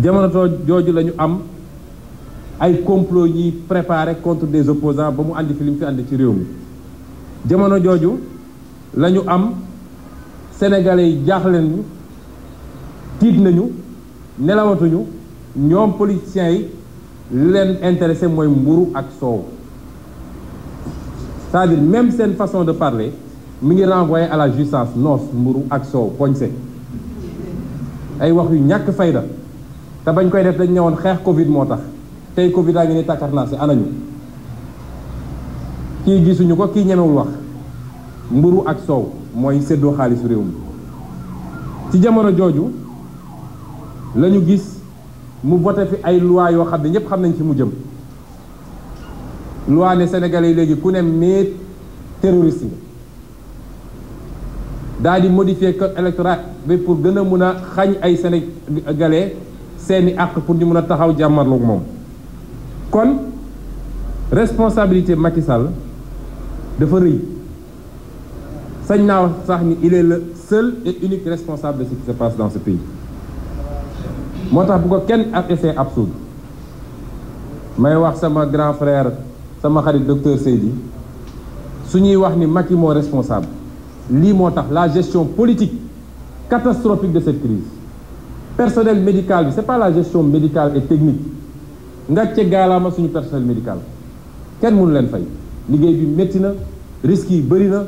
Speaker 1: jamono jooju la ñu am ay complot yi préparé contre des opposants ba mu andi fi li mu fi andi ci réew mi jamono jooju lañu am sénégalais yi jaaxle nañu tiit nañu nelawatuñu ñoom politiciens yi leen intéressé mooy mburu ak soow cest à même seen façon de parler mi ngi renvoyé à la jouissance noos mburu ak soow poñse ay wax yu ñàkk fayda te bañ koy def dañ ñëwoon xeex covid moo tax tey covid a ngi ne si anañu kii gisuñu ko kii ñemewul wax mburu ak soow mooy séddoo xaalisu réew mi ci jamono jooju lañu gis mu voté fi ay loi yoo xam ne ñëpp xam nañ ci mu jëm loi ne sénégalais léegi ku ne mais terroriste nga daal di modifier code électoral bi pour gën a mun a xañ ay sénégalais seeni àq pour ñu mun a taxaw jàmmarloog moom kon responsabilité Macky dafa rëy sañ naa wax sax ni il est le seul et unique responsable de ce qui se passe dans ce pays moo tax bu ko kenn ak essayé absoudre may wax sama grand frère sama xarit docteur Seydi su ñuy wax ni Macky moo responsable lii moo tax la gestion politique catastrophique de cette crise personnel médical bi c'est pas la gestion médicale et technique nga ce gaalaama suñu personnel médical kenn mënu leen fay liggéey bi métti na risques yi bëri na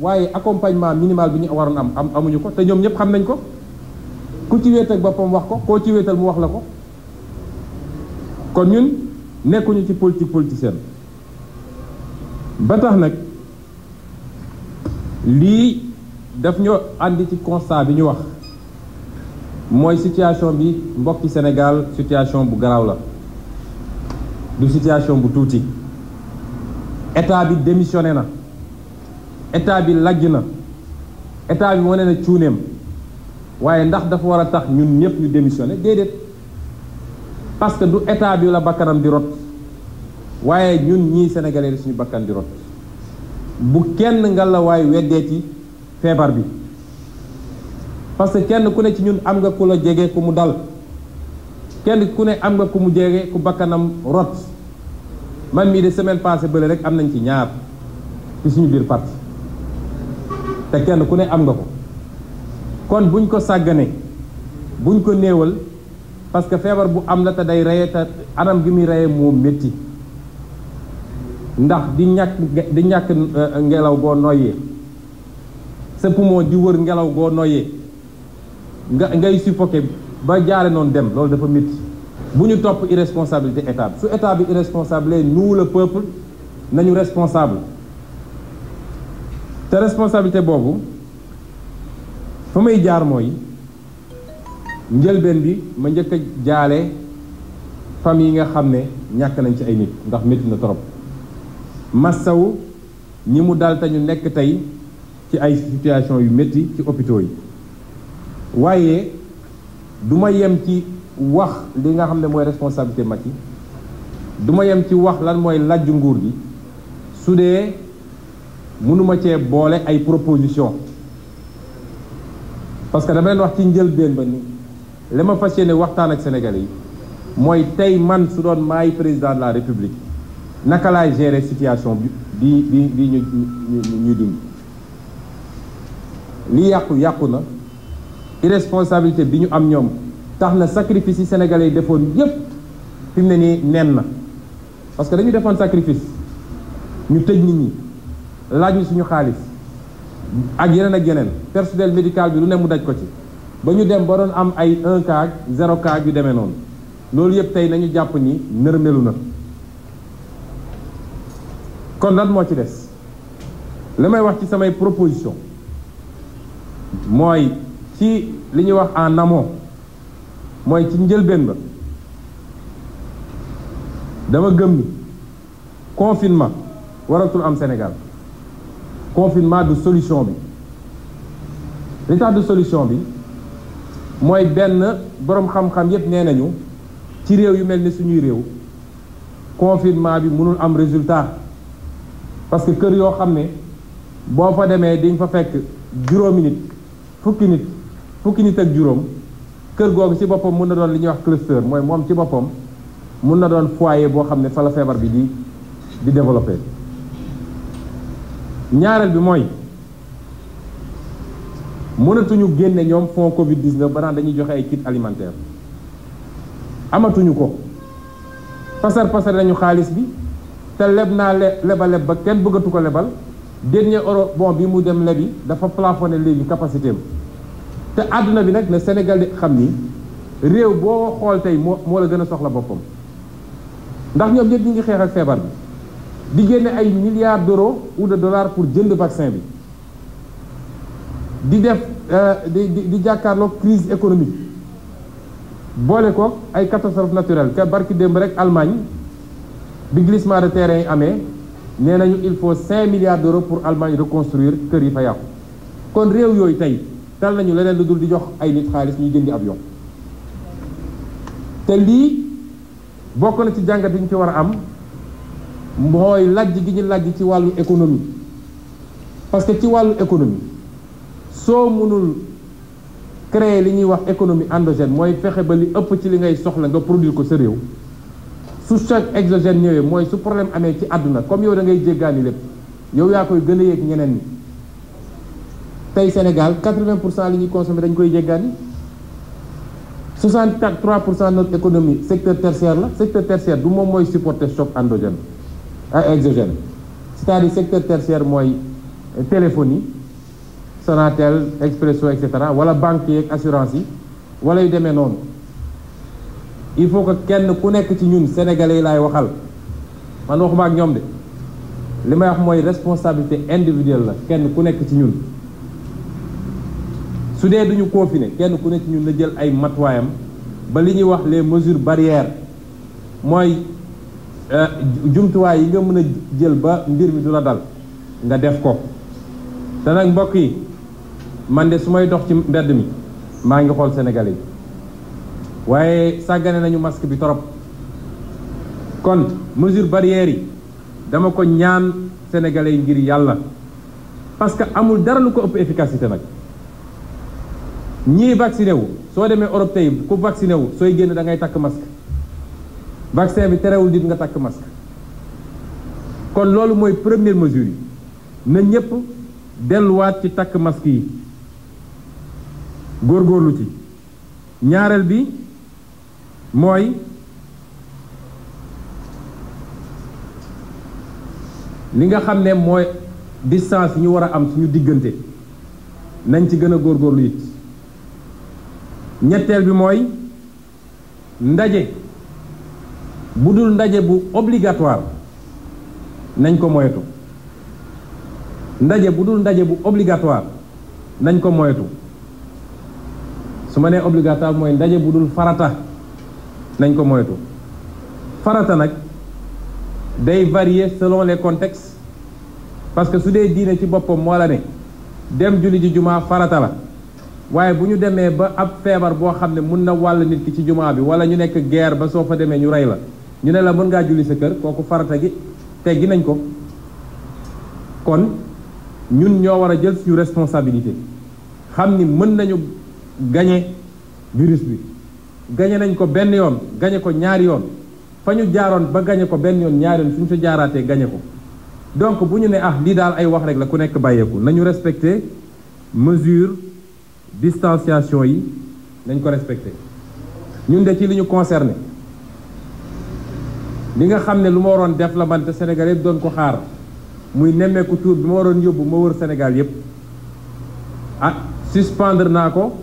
Speaker 1: waaye accompagnement minimal bi ñu waroon am am amuñu ko te ñoom ñëpp xam nañ ko ku ci wéet boppam wax ko koo ci wéetal mu wax la ko kon ñun nekkuñu ci politique politicienne ba tax nag lii daf ñoo àndi ci constat bi ñu wax mooy situation bi mbokki Sénégal situation bu garaaw la du situation bu tuuti état bi démissionné na état bi lajj na état bi wane na cuuneem waaye ndax dafa war a tax ñun ñëpp ñu démissionné déedéet parce que du état bi la bakkanam di rot waaye ñun ñii sénégalais suñu bakkan di rot bu kenn nga la waay weddeeti feebar bi parce que kenn ku ne ci ñun am nga ku la jege ku mu dal kenn ku ne am nga ku mu jege ku bakkanam rot man mii de semaine passée bële rek am nañ ci ñaar ci suñu biir parti te kenn ku ne am nga ko kon buñ ko sàggane buñ ko néewal parce que feebar bu am la te day reye te anam gi muy reye moo métti ndax di ñàkk di ñàkk euh, ngelaw goo noyyee sa poumon di wër ngelaw goo noyyee nga ngay suffoqué ba jaare noonu dem loolu dafa métti bu ñu topp irresponsabilité état su état bi irresponsable nous le peuple nañu responsable te responsabilité boobu fa may jaar mooy njëlbeen bi ma njëkk a jaale famille yi nga xam ne ñàkk nañ ci ay nit ndax métti na trop massawu ñi mu dal te ñu nekk tey ci ay situation yu métti ci hôpitaux yi waaye duma yem ci wax li nga xam ne mooy responsabilité Macky du ma yem ci wax lan mooy lajju nguur gi su dee mënuma cee boole ay proposition parce que dama leen wax ci njëlbeen ba ni li ma fas waxtaan ak Sénégalais yi mooy tey man su doon maay président la République naka laay gere situation bi bi bi bi ñu ñuy dund li yàqu yàqu na irresponsabilité bi ñu am ñoom tax na sacrifice yi sénégalais defoon yépp fim mu ne nii nen na parce que dañu defoon sacrifice ñu tëj nit ñi laaj ñu suñu xaalis ak yeneen ak yeneen personnel médical bi lu ne mu daj ko ci ba ñu dem ba doon am ay 1 cas 0 cas yu demee noonu loolu yépp tey nañu jàpp ni nërmelu na kon lan moo ci des li may wax ci samay proposition mooy ci li ñuy wax en amont mooy ci njëlbeen ba dama gëm ni confinement waratul am Sénégal confinement du solution bi li tax du solution bi mooy benn boroom xam-xam yépp nee nañu ci réew yu mel ni suñuy réew confinement bi mënul am résultat parce que kër yoo xam ne boo fa demee dañ fa fekk juróomi nit fukki nit fukki nit ak juróom kër googu ci boppam mun na doon li ñuy wax cluster mooy moom ci boppam mun na doon foyer boo xam ne fala feebar bi di di développé ñaareel bi mooy mënatuñu génne ñoom fonds Covid 19 ba naan dañuy joxe ay kit alimentaire amatuñu ko pasar pasar nañu xaalis bi te leb naa le lebaleb ba kenn bëggatu ko lebal dernier euro bon bi mu dem lebi dafa plafonné léegi capacité te àdduna bi nag na Sénégal di xam ni réew boo xool tey moo moo la gën a soxla boppam ndax ñoom ñëpp ñu ngi xeex ak feebar bi di génne ay milliards d'euros ou de dollars pour jënd vaccin bi di def euh, di di di jàkkaarloog crise économique boole ko ay catastrophe naturelle ka barki démb rek Allemagne bi glissement de terrain yi amee nee nañu il faut 5 milliards d'euros pour Allemagne reconstruire kër yi fa yàqu kon réew yooyu tey. tal nañu leneen lu dul di jox ay nit xaalis ñuy jëndi ab yoon te lii bokk na ci jàngat bi ñu ci war a am mooy lajj gi ñu lajj ci wàllu économie parce que ci wàllu économie soo mënul créer li ñuy wax économie endogène mooy fexe ba li ëpp ci li ngay soxla nga produire ko sa réew su choc exogène ñëwee mooy su problème amee ci àdduna comme yow da ngay jéggaani lépp yow yaa koy gën a yéeg ñeneen ñi tey Sénégal 80 pour cent li ñuy consommé dañ koy jéggaani 63 pour cent notre économie secteur tertiaire la secteur tertiaire du moom mooy supporter choc endogène ah exogène cest secteur tertiaire mooy téléphone yi Sonatel Expresso et cetera wala banque yeeg assurance yi wala yu demee noonu il faut que kenn ku nekk ci ñun sénégalais yi laay waxal man waxuma ak ñoom de li may wax mooy responsabilité individuelle la kenn ku nekk ci ñun. su dee duñu confiné kenn ku ne ci ñun la jël ay matuwaayam ba li ñuy wax les mesure barrières mooy euh, jumtuwaay yi nga mën a jël ba mbir mi du la dal nga def ko te nag mbokk yi man de su may dox ci mbedd mi maa ngi xool sénégalais yi waaye sàggane nañu masque bi torop kon mesure barrière yi dama ko ñaan sénégalais yi ngir yàlla parce que amul dara lu ko ëpp efficacité nag ñii vacciné wu soo demee Europe tey ku vacciné wu sooy génn da ngay takk masque vaccin bi terewul nit nga takk masque kon loolu mooy première mesure yi na ñépp delluwaat ci takk masque yi góorgóorlu ci ñaareel bi mooy li nga xam ne mooy distance yi ñu war a am suñu diggante nañ ci gën a góorgóorlu it ñetteel bi mooy ndaje bu dul ndaje bu obligatoire nañ ko moyetu ndaje bu dul ndaje bu obligatoire nañ ko moyetu su ma nee obligatoire mooy ndaje bu dul farata nañ ko moyetu farata nag day varier selon les contextes parce que su dee diine ci boppam moo la ne dem julli ji jumaa farata la waaye bu ñu demee ba ab feebar boo xam ne mun na wàll nit ki ci jumaa bi wala ñu nekk guerre ba soo fa demee ñu rey la ñu ne la mën ngaa julli sa kër kooku farata gi teggi nañ ko kon ñun ñoo war a jël su responsabilité xam ni mën nañu gañe virus bi gañe nañ ko benn yoon gañe ko ñaari yoon fa ñu jaaroon ba gañe ko benn yoon ñaari yoon suñu sa jaaraatee gañe ko donc bu ñu ne ah lii daal ay wax rek la ku nekk bàyyeeku nañu respecté mesure distanciation yi nañ ko respecté ñun de ci li ñu concerné li nga xam ne lu ma waroon def la man te Sénégal yëpp doon ko xaar muy nemmeeku tour bi ma waroon yóbbu ma wër Sénégal yëpp ah suspendre naa ko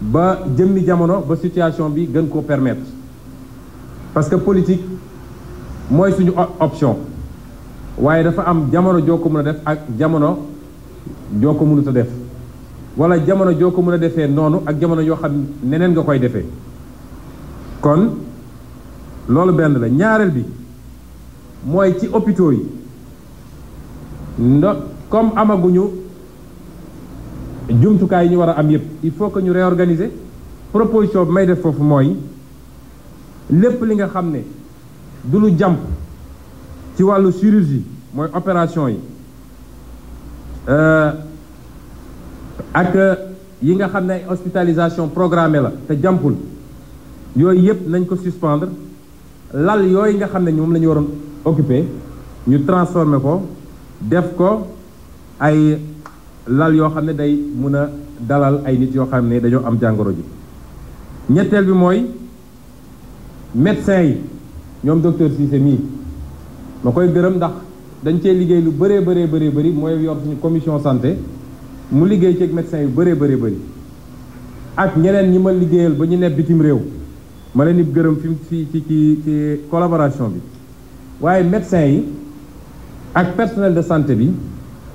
Speaker 1: ba jëmmi jamono ba situation bi gën koo permettre parce que politique mooy suñu option waaye dafa am jamono joo ko mën a def ak jamono joo ko mënut a def wala jamono joo ko mën a defee noonu ak jamono yoo xam neneen nga koy defee kon loolu benn la ñaareel bi mooy ci hôpitaux yi ndo comme amaguñu jumtukaay yi ñu war a am yépp il faut que ñu réorganiser proposition bi may def foofu mooy lépp li nga xam ne du lu jàmp ci wàllu yi mooy opération yi. Euh, ak euh, yi nga xam ne ay hospitalisation programmée la te jàmpul yooyu yëpp nañ ko suspendre lal yooyu nga xam ne moom la ñu waroon occupé ñu transformé ko def ko ay lal yoo xam ne day mun a dalal ay nit yoo xam ne dañoo am jàngoro ji ñetteel bi mooy médecin yi ñoom docteur Cissé nii ma koy gërëm ndax dañ cee liggéey lu bëree bëree bëree bëri mooy yor suñu commission santé mu liggéey ci ak médecin yu bëree bëri bëri ak ñeneen ñi ma liggéeyal ba ñu ne bitim réew ma leen di gërëm fi ci ci ci ci collaboration bi waaye médecin yi ak personnel de santé bi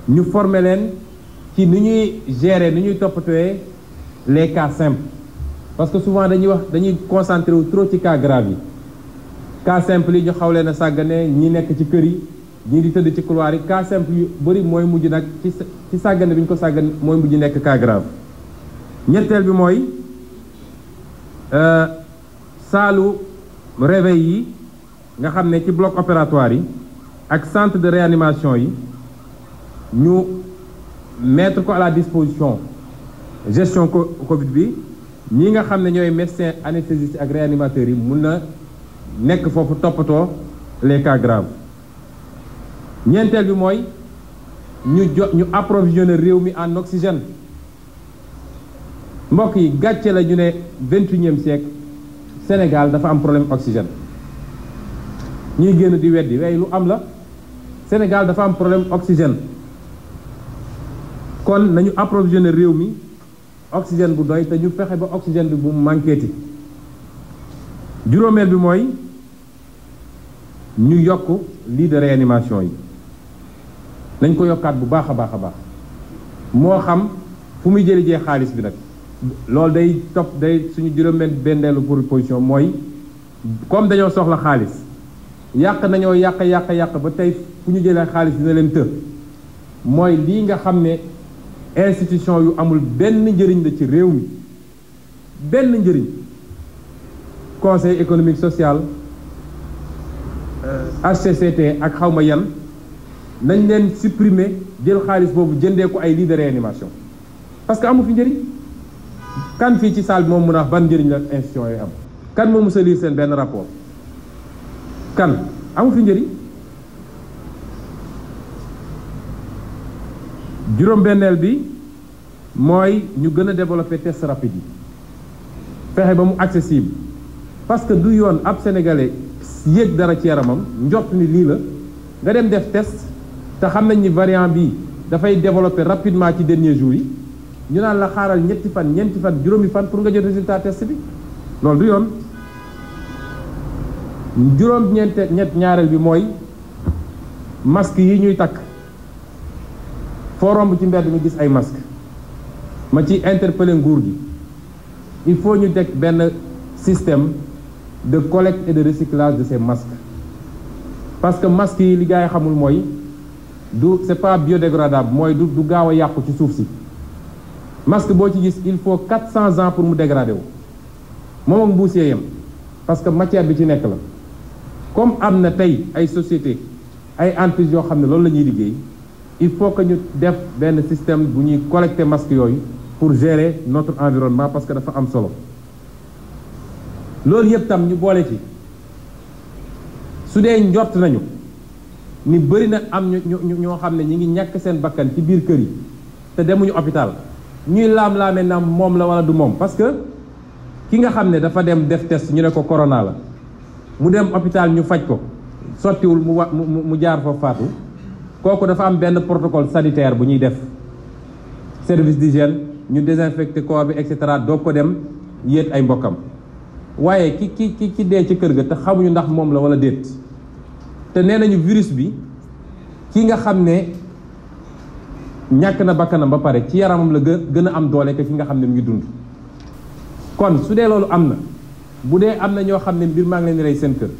Speaker 1: ñu former leen ci ni ñuy gérer ni ñuy toppatooyee les cas parce que souvent dañuy wax dañuy concentré wu trop ci cas yi cas simple yi ñu xaw leen sàggane ñi nekk ci kër yi. ñu di tëdd ci couloir yi cas simple yu bëri mooy mujj nag ci ci sàggane bi ñu ko sàggan mooy mujj nekk cas ñetteel bi mooy euh, saalu réveil yi nga xam ne ci bloc opératoire yi ak centre de réanimation yi ñu mettre ko à la disposition gestion Covid bi ñi nga xam ne ñooy médecin anesthésiste ak réanimateurs yi mun na nekk foofu toppatoo les cas ñeenteel bi mooy ñu jo ñu approvisionner réew mi en oxygène mbokk yi gàcce la ñu ne vingt et unième siècle dafa am problème oxygène ñuy génn di weddi waaye lu am la Sénégal dafa am problème oxygène kon nañu approvisionner réew mi oxygène bu doy te ñu fexe ba oxygène bi bu manqué ti juróomeel bi mooy ñu yokk lits de réanimation yi nañ ko yokkaat bu baax a baax a baax moo xam fu muy jëli jee xaalis bi nag loolu day topp day suñu juróom benn proposition mooy comme dañoo soxla xaalis yàq nañoo yàq yàq yàq ba tey fu ñu jëlee xaalis dina leen të mooy lii nga xam ne institution yu amul benn njëriñ la ci réew mi benn njëriñ conseil économique social HCCT euh. ak xawma yan nañ leen supprimer jël xaalis boobu jëndee ko ay lits de réanimation parce que amu fi njëriñ kan fii ci salle bi moom mun a wax ban njëriñ la institution yi am kan moo mës a seen benn rapport kan amu fi njëriñ juróom-benneel bi mooy ñu gën a développer test rapide yi fexe ba mu accessible parce que du yoon ab sénégalais yéeg dara ci yaramam njort ni lii la nga dem def test te xam nañ ni variant bi dafay développer rapidement ci dernier jour yi ñu naan la xaaral ñetti fan ñeenti fan juróomi fan pour nga jot résultat test bi loolu du yoon juróom ñeente ñett ñaareel bi mooy masque yi ñuy takk foo romb ci mbedd mi gis ay masque ma ci interpeller nguur gi il faut ñu teg benn système de collecte et de recyclage de ces masques parce que masques yi li yi xamul mooy du c'est pas biodégradable mooy du du gaaw a yàqu ci suuf si masque boo ci gis il faut 400 ans pour mu dégradé wu moom ak mbuusee yam parce que matière bi ci nekk la comme am na tey ay société ay entreprises yoo xam ne loolu la ñuy liggéey il faut que ñu def benn système bu ñuy collecter masque yooyu pour gérer notre environnement parce que dafa am solo loolu yëpp tam ñu boole ci su dee njort nañu ni bëri na am ñu ñu ñoo xam ne ñi ngi ñàkk seen bakkan ci biir kër yi te demuñu hôpital ñuy laam-laame na moom la wala du moom parce que ki nga xam ne dafa dem def test ñu ne ko corona la mu dem hôpital ñu faj ko sottiwul mu wa mu jaar fa faatu kooku dafa am benn protocole sanitaire bu ñuy def service d'hygiène ñu désinfecté corps bi et cetera doo ko dem yéet ay mbokkam waaye ki ki ki ki dee ci kër ga te xamuñu ndax moom la wala déet te nee nañu virus bi ki nga xam ne ñàkk na bakkanam ba pare ci yaramam la gën a am doole que ki nga xam ne mu ngi dund kon su dee loolu am na bu dee am na ñoo xam ne mbir maa ngi leen di rey seen kër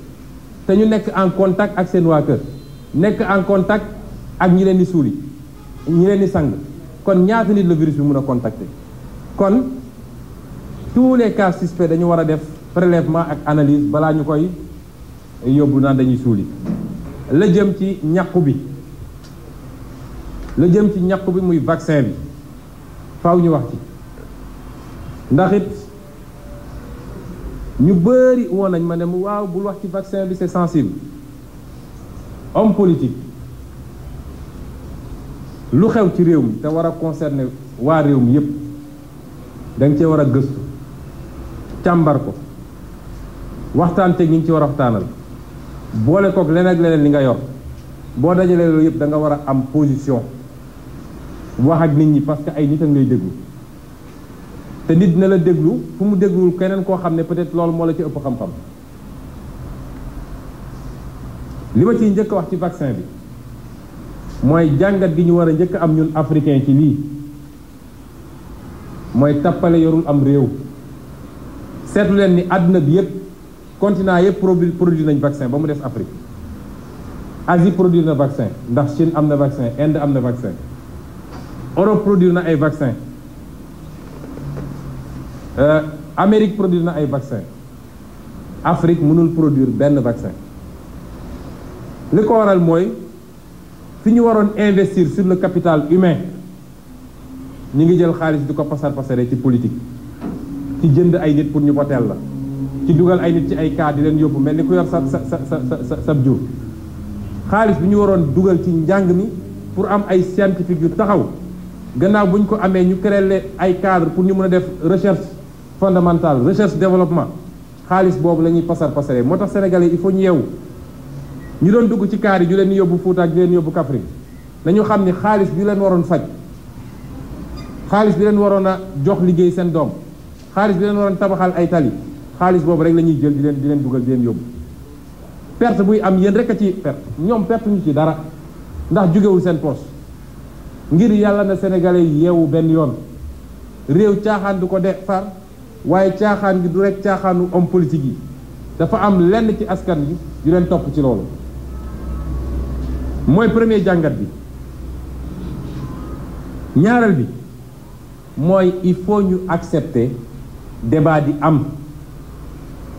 Speaker 1: te ñu nekk en contact ak seen waa kër nekk en contact ak ñi leen di suuli ñi leen di sang kon ñaata nit la virus bi mun a contacter kon tous les cas suspects dañu war a def prélèvement ak analyse balaa ñu koy yóbbu naan dañuy suuli la jëm ci ñàkku bi la jëm ci ñàkku bi muy vaccin bi faw ñu wax ci ndax ñu bari woon nañ ma ne mu waaw bul wax ci vaccin bi c'est sensible homme politique lu xew ci réew mi te war a concerner waa réew mi yépp danga cee war a gëstu càmbar ko waxtaan te ñi ngi ci war a waxtaanal boole kook leneen ak leneen li nga yor boo dajalee loolu yëpp danga war a am position wax ak nit ñi parce que ay nit a ngay déglu te nit dina la déglu fu mu dégluwul keneen koo xam ne peut-être loolu moo la ci ëpp xam-xam li ma ciy njëkk wax ci vaccin bi mooy jàngat gi ñu war a njëkk am ñun africain ci lii mooy tappale yorul am réew seetu leen ni àdduna bi yëpp continent yëpp produire nañ vaccin ba mu des Afrique Asie produire na vaccin ndax Chine am na vaccin Inde am na vaccin Europe produire na ay vaccin euh, Amérique produire na ay vaccin Afrique mënul produire benn vaccin li ko waral mooy fi ñu waroon investir sur le capital humain ñu ngi jël xaalis di ko pasar pasare ci politique ci jënd ay nit pour ñu boteel la ci dugal ay nit ci ay cas di leen yóbbu mel ni ku yor sa sa sa sa jur xaalis bi ñu waroon dugal ci njàng mi pour am ay scientifique yu taxaw gannaaw bu ñu ko amee ñu créer ay cadre pour ñu mën a def recherche fondamentale recherche développement xaalis boobu la ñuy pasar pasaree moo tax sénégalais il faut ñu yeewu ñu doon dugg ci kaar yi ñu leen di yóbbu Fuuta ak ñu leen yóbbu Kaffrine nañu xam ni xaalis bi leen waroon faj xaalis bi leen waroon a jox liggéey seen doom xaalis bi leen waroon tabaxal ay tali xaalis boobu rek la ñuy jël di leen di leen dugal di leen yóbbu perte buy am yéen rekk a ci perte ñoom perte ñu ci dara ndax jugewul seen poos ngir yàlla na sénégalais yeewu benn yoon réew caaxaan du ko defar waaye caaxaan gi du rek caaxaanu homme politique yi dafa am lenn ci askan bi di leen topp ci loolu mooy premier jàngat bi ñaareel bi mooy i faut ñu accepter débat di am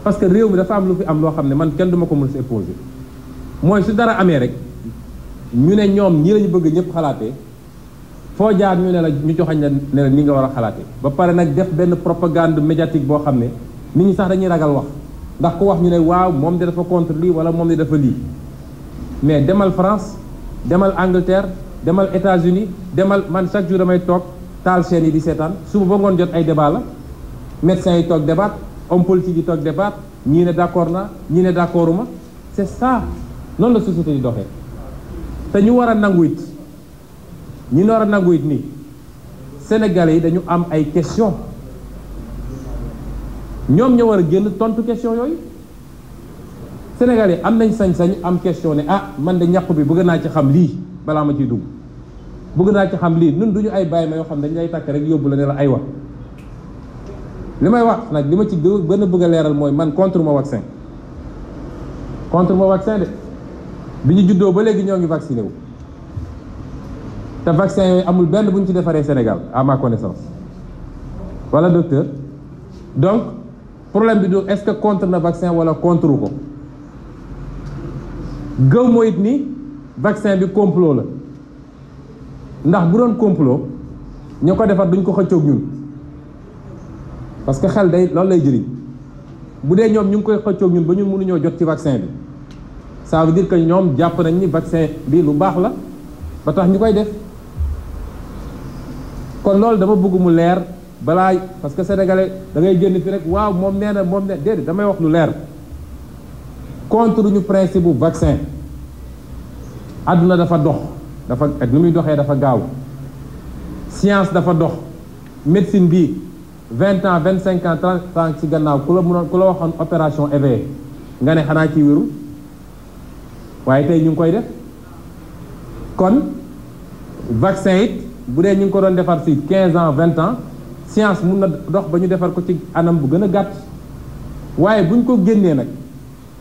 Speaker 1: parce que réew mi dafa am lu fi am loo xam ne man kenn duma ko mën si opposé mooy su dara amee rek ñu ne ñoom ñii lañu bëgg ñëpp xalaatee foo jaar ñu ne la ñu joxañ la ne la ni nga war a xalaatee ba pare nag def benn propagande médiatique boo xam ne nit ñi sax dañuy ragal wax ndax ku wax ñu ne waaw moom de dafa contre lii wala moom de dafa lii mais demal France demal Angleterre demal États-Unis demal man chaque jour damay toog taal seen yi di seetaan suba ba ngoon jot ay débat la yi toog débat homme politique yi toog débat ñii ne d'accord na ñii ne d'accorduma c'est ça noonu la société di doxee te ñu war a nangu ñu ñi war a nangu it nii sénégalais yi dañu am ay question ñoom ñoo war a génn tontu question yooyu yi am nañ sañ-sañ am question ne ah man de ñàkk bi bëgg naa ci xam lii balaa ma ciy dugg bëgg naa ci xam lii nun duñu ay bàyyi ma yoo xam dañ ay takk rek yóbbu la ne la ay wax li may wax nag li ma ci gën a bëgg a leeral mooy man contre ma vaccin contre ma vaccin de bi ñu juddoo ba léegi ñoo ngi vacciné wu te vaccin yooyu amul benn bu ñu ci defaree Sénégal à ma connaissance wala docteur donc problème bi du est-ce que contre na vaccin wala contre ko gëw moo it ni vaccin bi complot la ndax bu doon complot ñoo ko defar duñ ko xëccoog ñun parce que xel day loolu lay jëriñ bu dee ñoom ñu ngi koy xëccoog ñun ba ñu mënuñoo jot ci vaccin bi ça veut ñoom jàpp nañ ni vaccin bi lu baax la ba tax ñu koy def kon loolu dama bëgg mu leer balaa parce que sénégalais dangay ngay génn fi rek waaw moom nee na moom ne déedéet damay wax lu leer contre ñu principe bu vaccin àdduna dafa dox dafa ak nu muy doxee dafa gaaw science dafa dox médecine bi vingt ans vingt cinq ans trente ans ci gannaaw ku la mënoon ku la waxoon opération éveillé nga ne xanaa ci wéru waaye tey ñu ngi koy def kon vaccin it bu dee ñu ngi ko doon defar ci quinze ans vingt ans science mun na dox ba ñu defar ko ci anam bu gën a gàtt waaye bu ñu ko génnee nag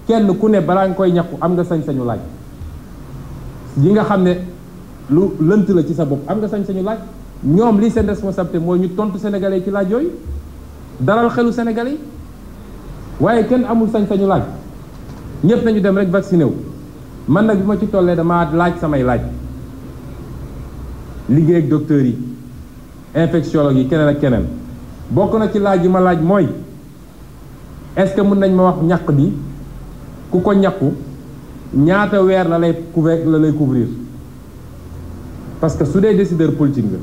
Speaker 1: kenn ku ne balaa nga koy ñaqu am nga sañ-sañu laaj yi nga xam ne lu lënt la ci sa bopp am nga sañ-sañu laaj ñoom lii seen responsabilité mooy ñu tontu sénégalais ci laaj yooyu dalal xelu sénégalais yi waaye kenn amul sañ-sañu laaj ñëpp nañu dem rek vacciné wu man nag bi ma ci tollee dama laaj samay laaj liggéey ak docteurs yi infectiologue yi keneen ak keneen bokk na ci laaj yi ma laaj mooy est-ce que mën nañ ma wax ñàq bi ku ko ñàqu ñaata weer la lay couvrir la lay couvrir parce que su dee décideur politique nga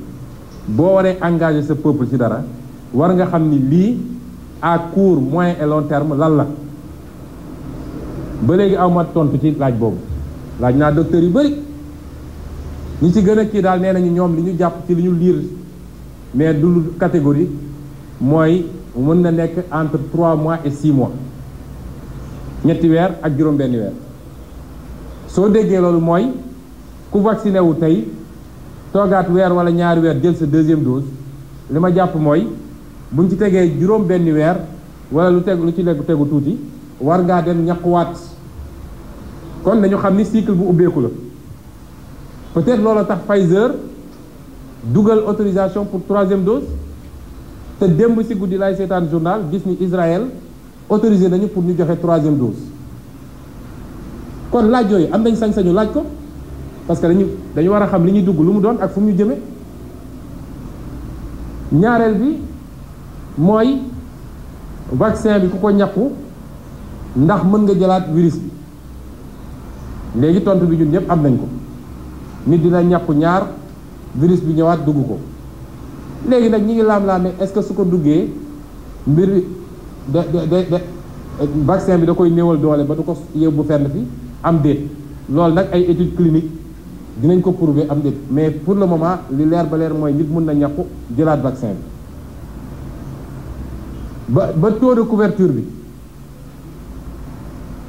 Speaker 1: boo waree engagé sa peuple ci dara war nga xam ni lii à court moyen et long terme lan la ba léegi aw ma tontu ci laaj boobu laaj naa docteur yu bëri ñi ci gën a kii daal nee nañu ñoom li ñu jàpp ci li ñu liir mais du catégorie mooy mën na nekk entre 3 mois et 6 mois ñetti weer ak juróom-benn weer soo déggee loolu mooy ku vacciné wu tey. toogaat weer wala ñaari weer jël sa deuxième dose li ma jàpp mooy buñ ci tegee juróom benn weer wala lu teg lu ci nekk tegu tuuti war ngaa dem ñaquwaat kon nañu xam ni cycle bu ubbeeku la peut-être loolu tax Pfizer dugal autorisation pour troisième dose te démb si guddi laay seetaan journal bisni ni Israël autorisé nañu pour ñu joxe troisième dose kon laaj yooyu am nañ sañ-sañu laaj ko parce que dañu dañu war a xam li ñuy dugg lu mu doon ak fu mu ñu jëme ñaareel bi mooy vaccin bi ku ko ñàkku ndax mën nga jëlaat virus bi léegi tontu bi ñun ñëpp am nañ ko nit dina ñàkku ñaar virus bi ñëwaat dugg ko léegi nag ñi ngi laam-laame est-ce que su ko duggee mbir bi da da da vaccin bi da koy néewal doole ba du ko yóbbu fenn fi am déet loolu nag ay études cliniques dinañ ko prouver am déet mais pour le moment li leer ba leer mooy nit mun na ñàkku jëlaat vaccin bi ba ba taux de couverture bi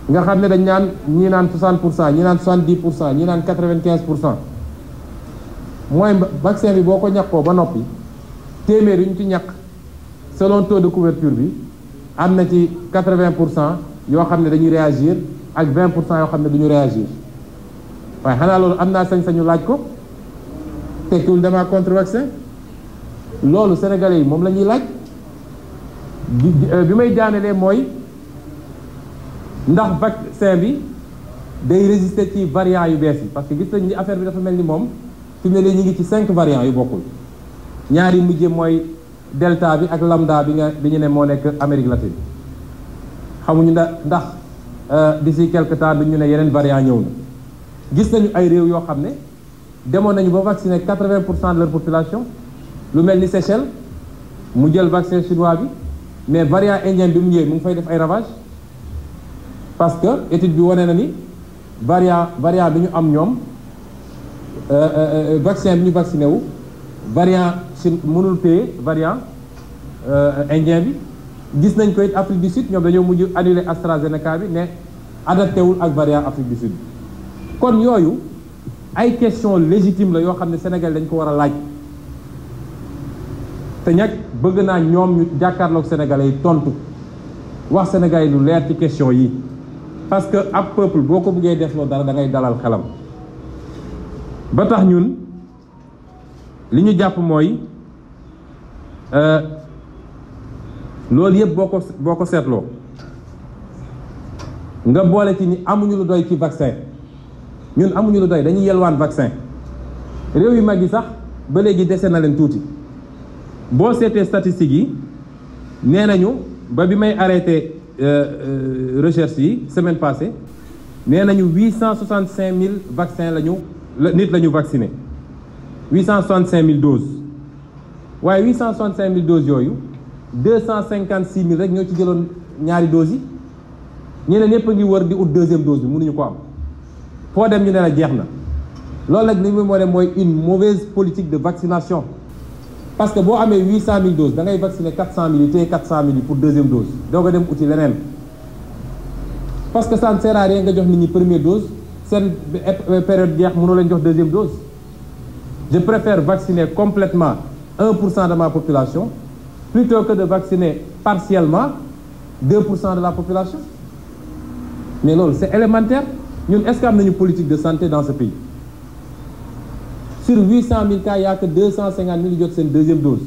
Speaker 1: nga xam ne dañ naan ñii naan 60 pour cent ñi naan 70 pour cent ñii naan 95 pour cent mooy vaccin bi boo ko ñàkkoo ba noppi téeméer yu ñu ci ñàkk selon taux de couverture bi am na ci 80 pour cent yoo xam ne dañuy réagir ak 20 pour cent yoo xam ne duñu réagir. waaye xanaa loolu am naa sañ-sañu laaj ko tekkiwul damaa contre vaccin loolu sénégalais yi moom la ñuy laaj bi euh, may daanelee mooy ndax vaccin bi day résister ci variant yu bees yi parce que gis nañ ni affaire bi dafa mel ni moom fi mu ñu ngi ci cinq variants yu bokkul ñaari mujje mooy delta bi ak lamda bi nga bi ñu ne moo nekk Amérique latine xamuñu ndax ndax euh, d'ici quelque temps ñu ne yeneen variant ñëw na. gis nañu ay réew yoo xam ne demoon nañu ba vacciner 80 pour cent de population lu mel ni Seychelles mu jël vaccin chinois bi mais variant indien bi mu ñëwee mu ngi fay def ay ravage parce que étude bi wane na ni variant variant bi ñu am ñoom euh, euh, euh, vaccin bi ñu vacciné wu variant chine mënul téye variant indien bi gis nañ ko it Afrique du Sud ñoom dañoo mujj annulé AstraZeneca bi ne adapté wul ak variant Afrique du Sud bi kon yooyu ay question légitime la yoo xam ne Sénégal dañ ko war a laaj te ñag bëgg naa ñoom ñu jàkkaarloog Sénégalais tontu wax Sénégalais yi lu leer ci question yi parce que ab peuple boo ko bëggee defloo dara da ngay dalal xelam ba tax ñun li ñu jàpp mooy euh, loolu yëpp boo ko boo ko seetloo nga boole ci ni amuñu lu doy ci vaccin ñun amuñu lu doy dañuy yelwaan vaccin réew yu mag yi sax ba léegi dese na leen tuuti boo seetee statistiques yi nee nañu ba bi may arrêté euh, euh, recherche yi semaine passée nee nañu huit cent soixante cinq mille vaccin la ñu nit la ñu vacciné huit cent soixante cinq mille doses waaye huit cent soixante cinq mille doses yooyu deux cent cinquante six mille rek ñoo ci jëloon ñaari dose yi ñeneen ñëpp a ngi wër di ut deuxième dose bi mënuñu ko am. foo dem ñu ne la jeex na loolu nag li muy moo dem mooy une mauvaise politique de vaccination parce que boo amee huit cent mille doses da ngay vacciner quatre cent mille yi téye quatre cent mille yi pour deuxième dose doo ko dem uti leneen parce que ça ne nga jox nit ñi premier dose seen période jeex mënoo leen jox deuxième dose je préfère vacciner complètement un pour cent de ma population plutôt que de vacciner partiellement deux pour cent de la population mais loolu c'est élémentaire ñun est-ce que am nañu politique de santé dans ce pays sur 800 000 cas il y a que 250 000 yu jot seen deuxième dose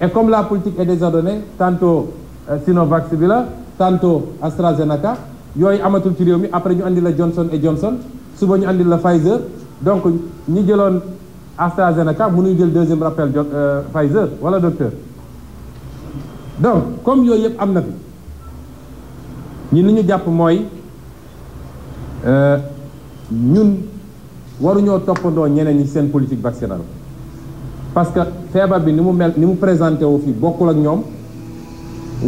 Speaker 1: et comme la politique est désordonnée tantôt euh, Sinovac bi la tantôt AstraZeneca yooyu amatul ci réew mi après ñu andi la Johnson et Johnson suba ñu andi la Pfizer donc ñi jëloon AstraZeneca mënuñu jël deuxième rappel euh, Pfizer wala docteur donc comme yooyu yëpp am na fi ñi ni ñu jàpp mooy. Euh, ñun waruñoo toppandoo ñeneen ñi seen politique vaccinale parce que feebar bi ni mu mel ni mu présenté wu fi bokkul ak ñoom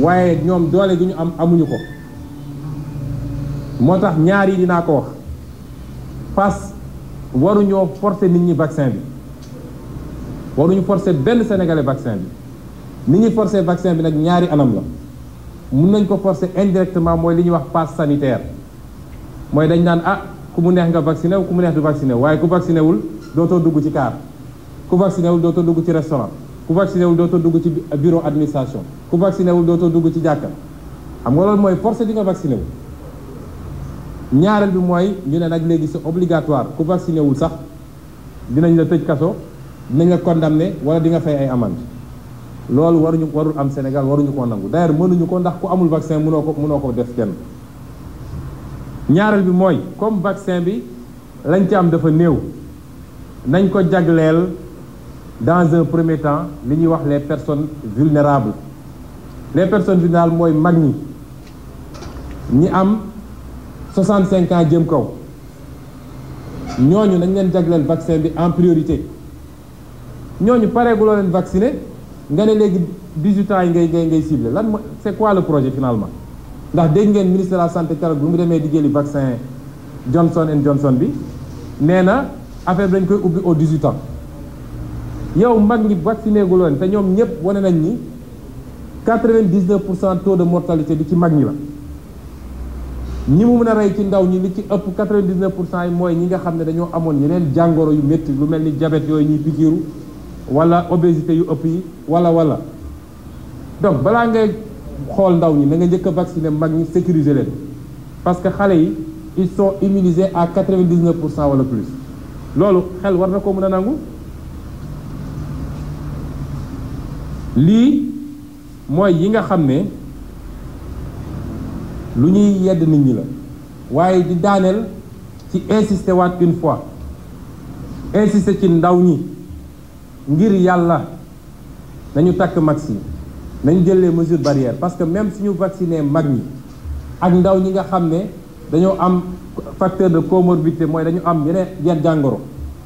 Speaker 1: waaye ñoom doole gi ñu am amuñu ko moo tax ñaari yi dinaa ko wax pass waruñoo forcer nit ñi vaccin bi waruñu forcer benn sénégalais vaccin bi nit ñi forcer vaccin bi nag ñaari anam la mun nañ ko forcer indirectement mooy li ñuy wax pass sanitaire mooy dañ naan ah ku mu neex nga vacciné wu ku mu neex du vacciné wu waaye ku vacciné wul dootoo dugg ci car ku vacciné wul dootoo dugg ci restaurant ku vacciné wul dootoo dugg ci bureau administration ku vacciné wul dootoo dugg ci jàkka xam nga loolu mooy forcé di nga vacciné wu ñaareel bi mooy ñu ne nag léegi c'est obligatoire ku vacciné wul sax dinañ la tëj kaso dinañ la condamné wala di nga fay ay amende loolu waruñu warul am Sénégal waruñu koo nangu d'ailleurs mënuñu ko ndax ku amul vaccin mënoo ko mënoo ko def kenn ñaareel bi mooy comme vaccin bi lañ ci am dafa néew nañ ko jagleel dans un premier temps li ñuy wax les personnes vulnérables les personnes vulnérables mooy mag ñi ñi am 65 ans jëm kaw ñooñu nañ leen jagleel vaccin bi en priorité ñooñu pareeguloo leen vacciné nga ne léegi 18 yi ngay ngay ngay ciblé lan mooy c'est quoi le projet finalement ndax dégg ngeen ministre de la santé keroog bu mu demee di jëli vaccin Johnson and Johnson bi nee na affaire bi dañ koy ubbi au 18 yow mag ngi vacciné gu loon te ñoom ñëpp wane nañ ni 99 pour cent taux de mortalité bi ci mag ñi la ñi mu mën a rey ci ndaw ñi li ci ëpp 99 pour cent yi mooy ñi nga xam ne dañoo amoon yeneen jàngoro yu métti lu mel ni diabète yooyu ñuy pikiiru walla obésité yu ëpp yi wala wala donc balaa ngay xool ndaw ñi na nga njëkk a vacciner mag ñi sécuriser leen parce que xale yi ils sont immunisés à 99 pour cent wala plus loolu xel war na ko mën a nangu lii mooy yi nga xam ne lu ñuy yedd nit ñi la waaye di daaneel ci insister waat une fois insister ci ndaw ñi ngir yàlla nañu takk max nañ jëlee les mesures parce que même suñu vacciné mag ñi ak ndaw ñi nga xam ne dañoo am facteur de comorbidité mooy dañu am yeneen yenn jàngoro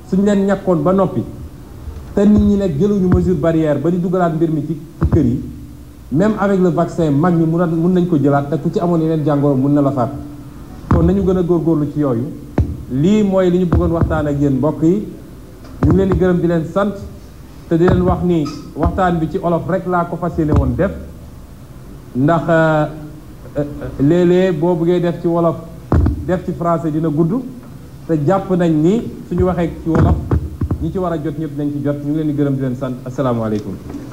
Speaker 1: suñ leen ñàkkoon ba noppi te nit ñi nekk jëluñu mesure barrière ba di dugalaat mbir mi ci kër yi même avec le vaccin mag ñi mun mun nañ ko jëlaat te ku ci amoon yeneen jàngoro mun na la faat kon nañu gën a góorgóorlu ci yooyu lii mooy li ñu bëggoon waxtaan ak yéen mbokk yi ñu leen di gërëm di leen sant te di leen wax ni waxtaan bi ci olof rek laa ko fas yéene woon def ndax euh, euh, léeg-léeg boo bëggee def ci wolof def ci français dina gudd te jàpp nañ ni ñu waxee ci wolof ñu ci war a jot ñëpp nañ ci jot ñu ngi leen di gërëm di leen sant asalaamaaleykum